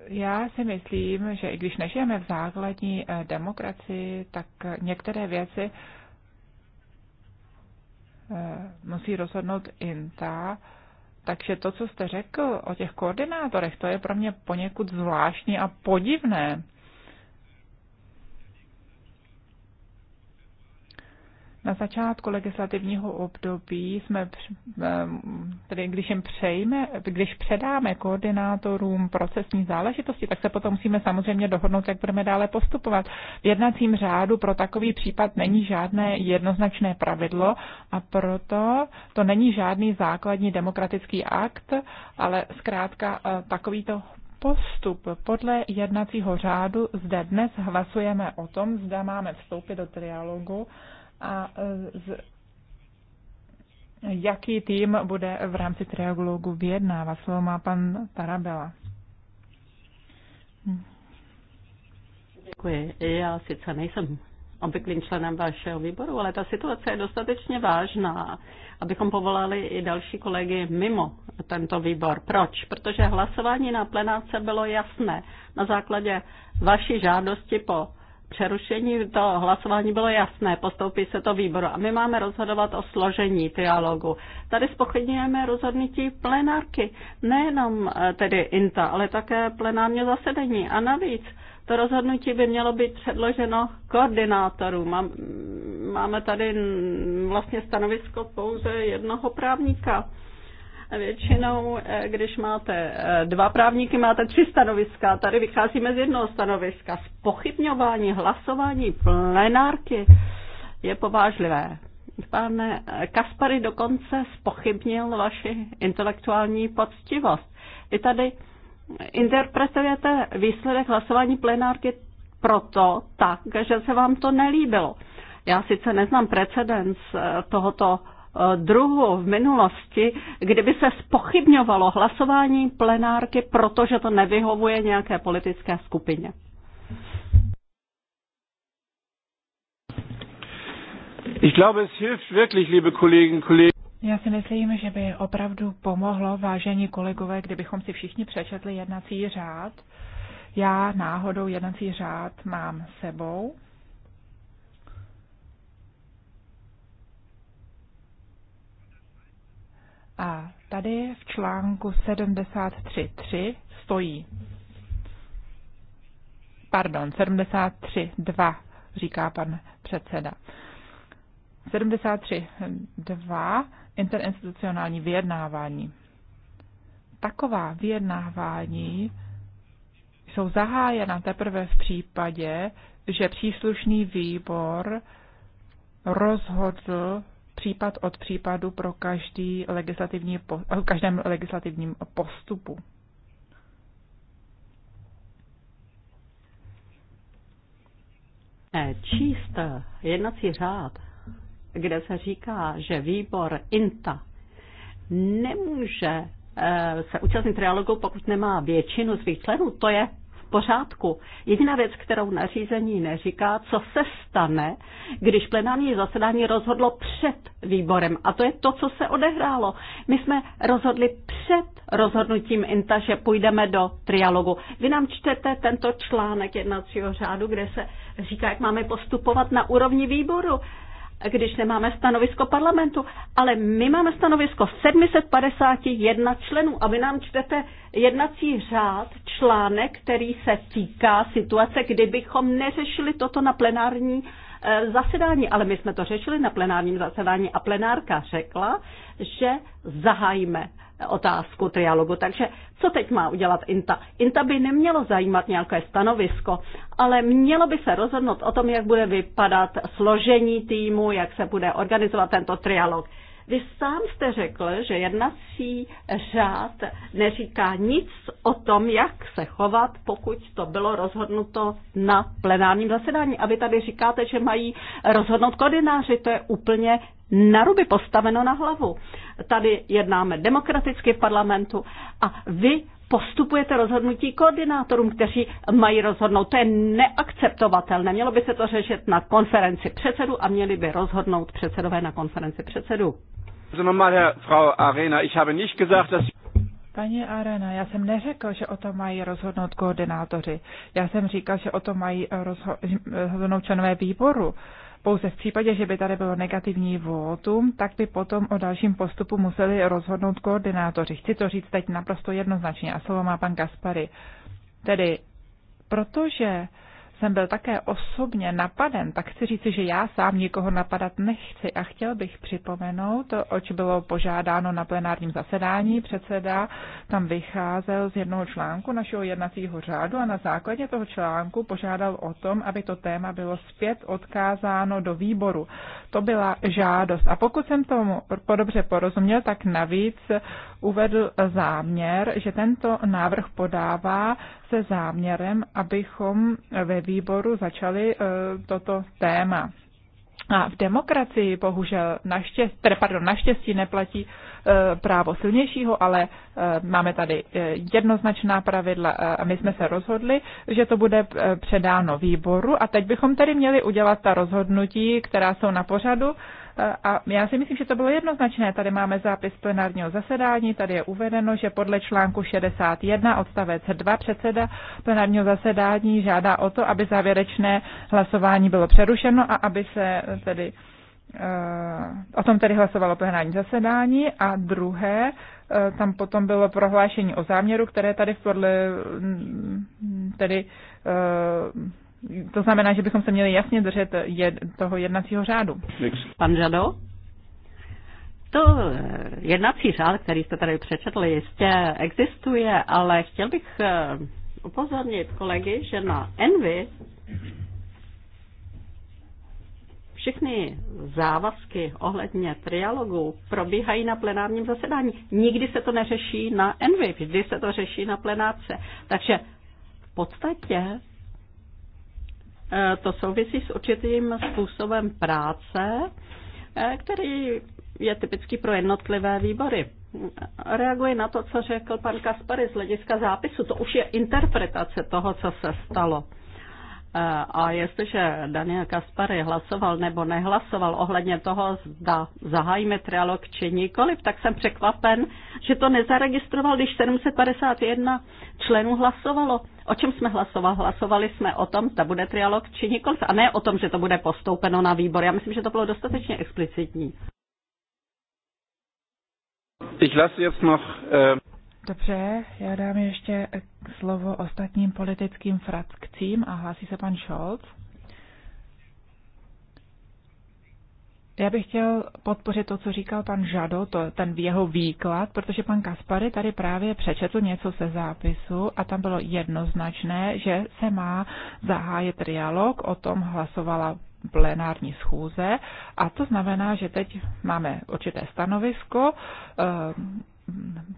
já si myslím, že i když nežijeme v základní e, demokracii, tak některé věci musí rozhodnout INTA takže to, co jste řekl o těch koordinátorech, to je pro mě poněkud zvláštní a podivné. Na začátku legislativního období jsme, eh, tedy když jim přejme, když předáme koordinátorům procesní záležitosti, tak se potom musíme samozřejmě dohodnout, jak budeme dále postupovat. V jednacím řádu pro takový případ není žádné jednoznačné pravidlo a proto to není žádný základní demokratický akt, ale zkrátka eh, takovýto postup podle jednacího řádu zde dnes hlasujeme o tom, zda máme vstoupit do trialogu a e, z, jaký tým bude v rámci trialogu vyjednávat. Slovo má pan Tarabela. Hm. Děkuji. Já sice nejsem obvyklým členem vašeho výboru, ale ta situace je dostatečně vážná, abychom povolali i další kolegy mimo tento výbor. Proč? Protože hlasování na plenáce bylo jasné. Na základě vaší žádosti po přerušení to hlasování bylo jasné, postoupí se to výboru a my máme rozhodovat o složení dialogu. Tady spochybňujeme rozhodnutí plenárky, nejenom eh, tedy INTA, ale také plenárně zasedení. A navíc to rozhodnutí by mělo být předloženo koordinátorům. Máme tady vlastně stanovisko pouze jednoho právníka. Většinou, eh, když máte eh, dva právníky, máte tři stanoviska. Tady vycházíme z jednoho stanoviska. Spochybňování, hlasování, plenárky je povážlivé. Pane Kaspary dokonce spochybnil vaši intelektuální poctivost. Vy tady interpretujete výsledek hlasování plenárky proto tak, že se vám to nelíbilo. Já sice neznám precedens eh, tohoto Eh, druhu v minulosti, kdyby se spochybňovalo hlasování plenárky, protože to nevyhovuje nějaké politické skupině. Ich glaube, es hilft wirklich, liebe Kolleginnen und Kollegen. Já si myslím, že by opravdu pomohlo, vážení kolegové, kdybychom si všichni přečetli jednací řád. Já náhodou jednací řád mám sebou. A tady v článku 73.3 stojí, pardon, 73.2 říká pan předseda. 73.2 interinstitucionální vyjednávání. Taková vyjednávání jsou zahájena teprve v případě, že příslušný výbor rozhodl případ od případu pro každý legislativní, eh, každém legislativním postupu. Eh, číst eh, jednací řád, kde se říká, že výbor INTA nemůže se účastnit trialogu, pokud nemá většinu svých členů, to je pořádku. Jediná věc, kterou nařízení neříká, co se stane, když plenární zasedání rozhodlo před výborem. A to je to, co se odehrálo. My jsme rozhodli před rozhodnutím INTA, že půjdeme do trialogu. Vy nám čtete tento článek jednacího řádu, kde se říká, jak máme postupovat na úrovni výboru když nemáme stanovisko parlamentu, ale my máme stanovisko 751 členů a vy nám čtete jednací řád, článek, který se týká situace, kdybychom neřešili toto na plenární eh, zasedání, ale my jsme to řešili na plenárním zasedání a plenárka řekla, že zahájíme otázku trialogu. Takže co teď má udělat INTA? INTA by nemělo zajímat nějaké stanovisko, ale mělo by se rozhodnout o tom, jak bude vypadat složení týmu, jak se bude organizovat tento trialog. Vy sám jste řekl, že jednací řád neříká nic o tom, jak se chovat, pokud to bylo rozhodnuto na plenárním zasedání. A vy tady říkáte, že mají rozhodnout koordináři, to je úplně na ruby postaveno na hlavu. Tady jednáme demokraticky v parlamentu a vy postupujete rozhodnutí koordinátorům, kteří mají rozhodnout. To je neakceptovatelné. Mělo by se to řešit na konferenci předsedu a měli by rozhodnout předsedové na konferenci předsedu. Paní Arena, já jsem neřekl, že o tom mají rozhodnout koordinátoři. Já jsem říkal, že o tom mají rozhodnout členové výboru pouze v případě, že by tady bylo negativní votum, tak by potom o dalším postupu museli rozhodnout koordinátoři. Chci to říct teď naprosto jednoznačně a slovo má pan Kaspary. Tedy protože jsem byl také osobně napaden, tak chci říci, že já sám nikoho napadat nechci a chtěl bych připomenout, oč bylo požádáno na plenárním zasedání. Předseda tam vycházel z jednoho článku našeho jednacího řádu a na základě toho článku požádal o tom, aby to téma bylo zpět odkázáno do výboru. To byla žádost. A pokud jsem tomu podobře porozuměl, tak navíc uvedl záměr, že tento návrh podává se záměrem, abychom ve výboru začali e, toto téma. A v demokracii bohužel naštěstí, pardon, naštěstí neplatí e, právo silnějšího, ale e, máme tady jednoznačná pravidla a my jsme se rozhodli, že to bude předáno výboru a teď bychom tedy měli udělat ta rozhodnutí, která jsou na pořadu a já si myslím, že to bylo jednoznačné. Tady máme zápis plenárního zasedání, tady je uvedeno, že podle článku 61 odstavec 2 předseda plenárního zasedání žádá o to, aby závěrečné hlasování bylo přerušeno a aby se tedy eh, o tom tedy hlasovalo plenární zasedání a druhé, eh, tam potom bylo prohlášení o záměru, které tady v podle, mm, tedy eh, to znamená, že bychom se měli jasně držet jed, toho jednacího řádu. Pan Žado? To eh, jednací řád, který jste tady přečetli, jistě existuje, ale chtěl bych eh, upozornit kolegy, že na Envy všechny závazky ohledně trialogu probíhají na plenárním zasedání. Nikdy se to neřeší na Envy, vždy se to řeší na plenáce. Takže v podstatě Eh, to souvisí s určitým způsobem práce, eh, který je typický pro jednotlivé výbory. Reaguji na to, co řekl pan Kaspary z hlediska zápisu. To už je interpretace toho, co se stalo. A jestliže Daniel Kaspary hlasoval nebo nehlasoval ohledně toho, zda zahájíme trialog či nikoliv, tak jsem překvapen, že to nezaregistroval, když 751 členů hlasovalo. O čem jsme hlasovali? Hlasovali jsme o tom, zda bude trialog či nikoliv, a ne o tom, že to bude postoupeno na výbor. Já myslím, že to bylo dostatečně explicitní. Ich lasse jetzt noch, äh... Dobře, já dám ještě slovo ostatním politickým frakcím a hlásí se pan Scholz. Já bych chtěl podpořit to, co říkal pan Žado, to, ten jeho výklad, protože pan Kaspary tady právě přečetl něco se zápisu a tam bylo jednoznačné, že se má zahájit dialog, o tom hlasovala plenární schůze a to znamená, že teď máme určité stanovisko,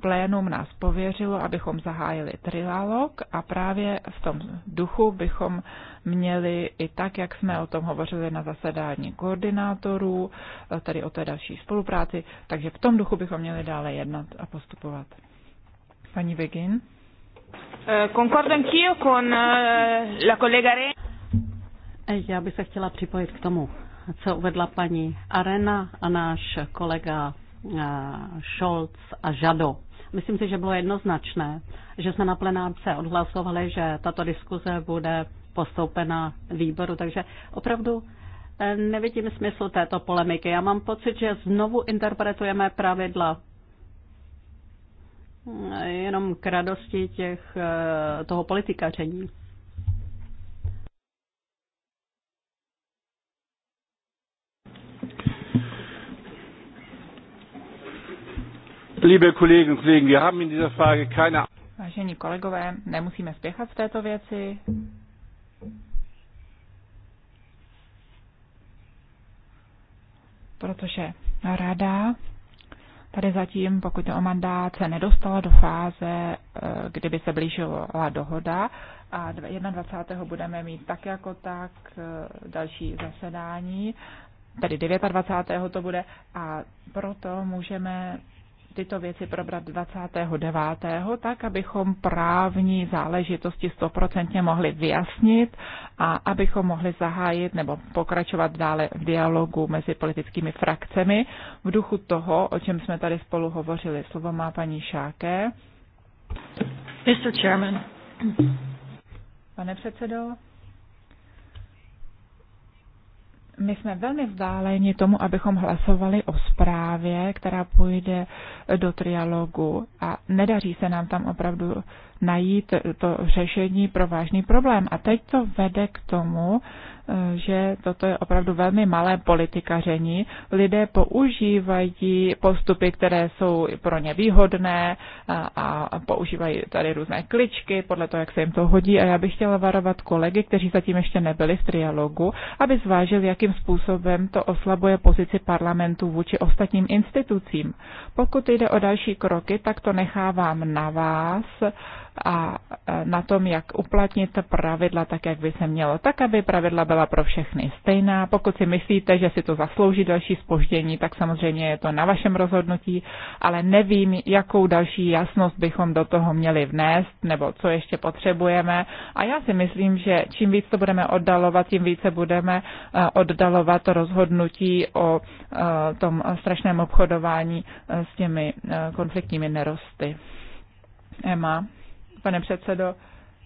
plénum nás pověřilo, abychom zahájili trialog a právě v tom duchu bychom měli i tak, jak jsme o tom hovořili na zasedání koordinátorů, tedy o té další spolupráci, takže v tom duchu bychom měli dále jednat a postupovat. Paní Begin? Eh, concordo con eh, la collega eh, Já bych se chtěla připojit k tomu, co uvedla paní Arena a náš kolega Eh, Scholz a Žado. Myslím si, že bylo jednoznačné, že jsme na plenárce odhlasovali, že tato diskuze bude postoupena výboru, takže opravdu eh, nevidím smysl této polemiky. Já mám pocit, že znovu interpretujeme pravidla eh, jenom k radosti těch, toho politikaření. Vážení kolegové, nemusíme spěchat v této věci. Protože rada tady zatím, pokud je o mandát, se nedostala do fáze, eh, kdyby se blížila dohoda a 21. budeme mít tak jako tak eh, další zasedání, tedy 29. to bude a proto můžeme tyto věci probrat 29. tak, abychom právní záležitosti stoprocentně mohli vyjasnit a abychom mohli zahájit nebo pokračovat dále v dialogu mezi politickými frakcemi v duchu toho, o čem jsme tady spolu hovořili. Slovo má paní Šáke. Mr. Chairman. Pane předsedo, my jsme velmi vzdáleni tomu, abychom hlasovali o zprávě, která půjde do trialogu a nedaří se nám tam opravdu najít to řešení pro vážný problém. A teď to vede k tomu, eh, že toto je opravdu velmi malé politikaření. Lidé používají postupy, které jsou pro ně výhodné a používají tady různé kličky podle toho, jak se jim to hodí. A já bych chtěla varovat kolegy, kteří zatím ještě nebyli v trialogu, aby zvážili, jakým způsobem to oslabuje pozici parlamentu vůči ostatním institucím. Pokud jde o další kroky, tak to nechávám na vás a e, na tom, jak uplatnit pravidla tak, jak by se mělo, tak, aby pravidla byla pro všechny stejná. Pokud si myslíte, že si to zaslouží další spoždění, tak samozřejmě je to na vašem rozhodnutí, ale nevím, jakou další jasnost bychom do toho měli vnést, nebo co ještě potřebujeme. A já si myslím, že čím víc to budeme oddalovat, tím více budeme e, oddalovat rozhodnutí o e, tom strašném obchodování s těmi konfliktními nerosty. Emma pane předsedo.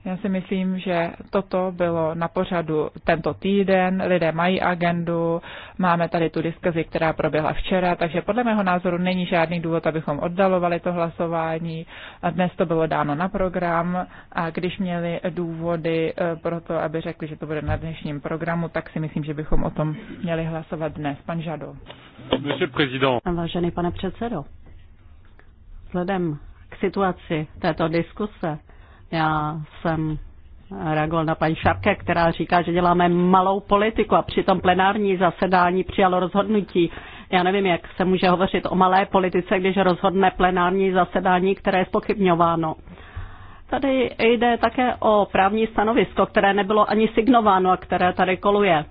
Já si myslím, že toto bylo na pořadu tento týden, lidé mají agendu, máme tady tu diskuzi, která proběhla včera, takže podle mého názoru není žádný důvod, abychom oddalovali to hlasování. A dnes to bylo dáno na program a když měli důvody eh, pro to, aby řekli, že to bude na dnešním programu, tak si myslím, že bychom o tom měli hlasovat dnes. Pan Žado. Vážený pane předsedo, vzhledem situaci této diskuse. Já jsem reagoval na paní Šarke, která říká, že děláme malou politiku a přitom plenární zasedání přijalo rozhodnutí. Já nevím, jak se může hovořit o malé politice, když rozhodne plenární zasedání, které je spochybňováno. Tady jde také o právní stanovisko, které nebylo ani signováno a které tady koluje.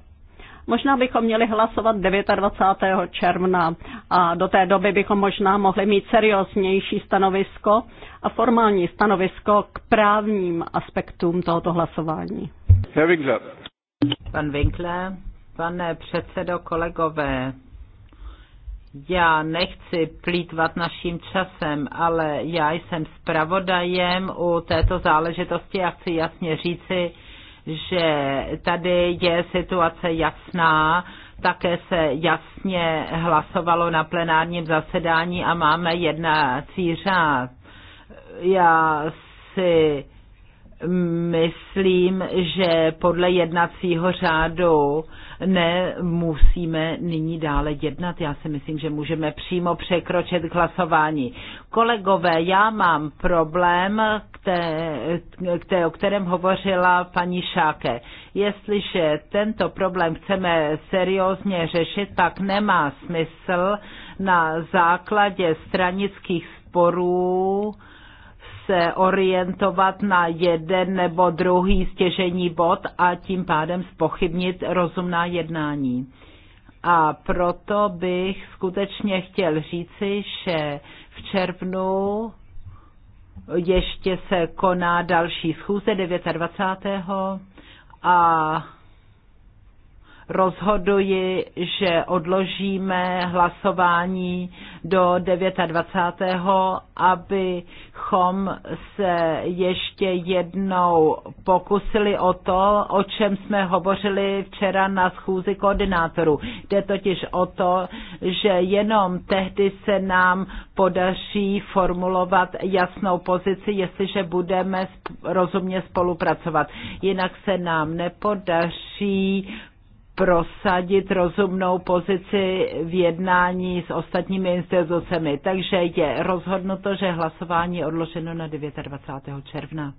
Možná bychom měli hlasovat 29. června a do té doby bychom možná mohli mít serióznější stanovisko a formální stanovisko k právním aspektům tohoto hlasování. Herr Winkler. Pan Winkler, pane předsedo, kolegové, já nechci plítvat naším časem, ale já jsem zpravodajem u této záležitosti a chci jasně říci, že tady je situace jasná, také se jasně hlasovalo na plenárním zasedání a máme jednací řád. Já si myslím, že podle jednacího řádu nemusíme nyní dále jednat. Já si myslím, že můžeme přímo překročit k hlasování. Kolegové, já mám problém, o kterém hovořila paní Šáke. Jestliže tento problém chceme seriózně řešit, tak nemá smysl na základě stranických sporů, se orientovat na jeden nebo druhý stěžení bod a tím pádem spochybnit rozumná jednání. A proto bych skutečně chtěl říci, že v červnu ještě se koná další schůze 29. a rozhoduji, že odložíme hlasování do 29. abychom se ještě jednou pokusili o to, o čem jsme hovořili včera na schůzi koordinátorů. Jde totiž o to, že jenom tehdy se nám podaří formulovat jasnou pozici, jestliže budeme rozumně spolupracovat. Jinak se nám nepodaří prosadit rozumnou pozici v jednání s ostatními institucemi. Takže je rozhodnuto, že hlasování je odloženo na 29. června.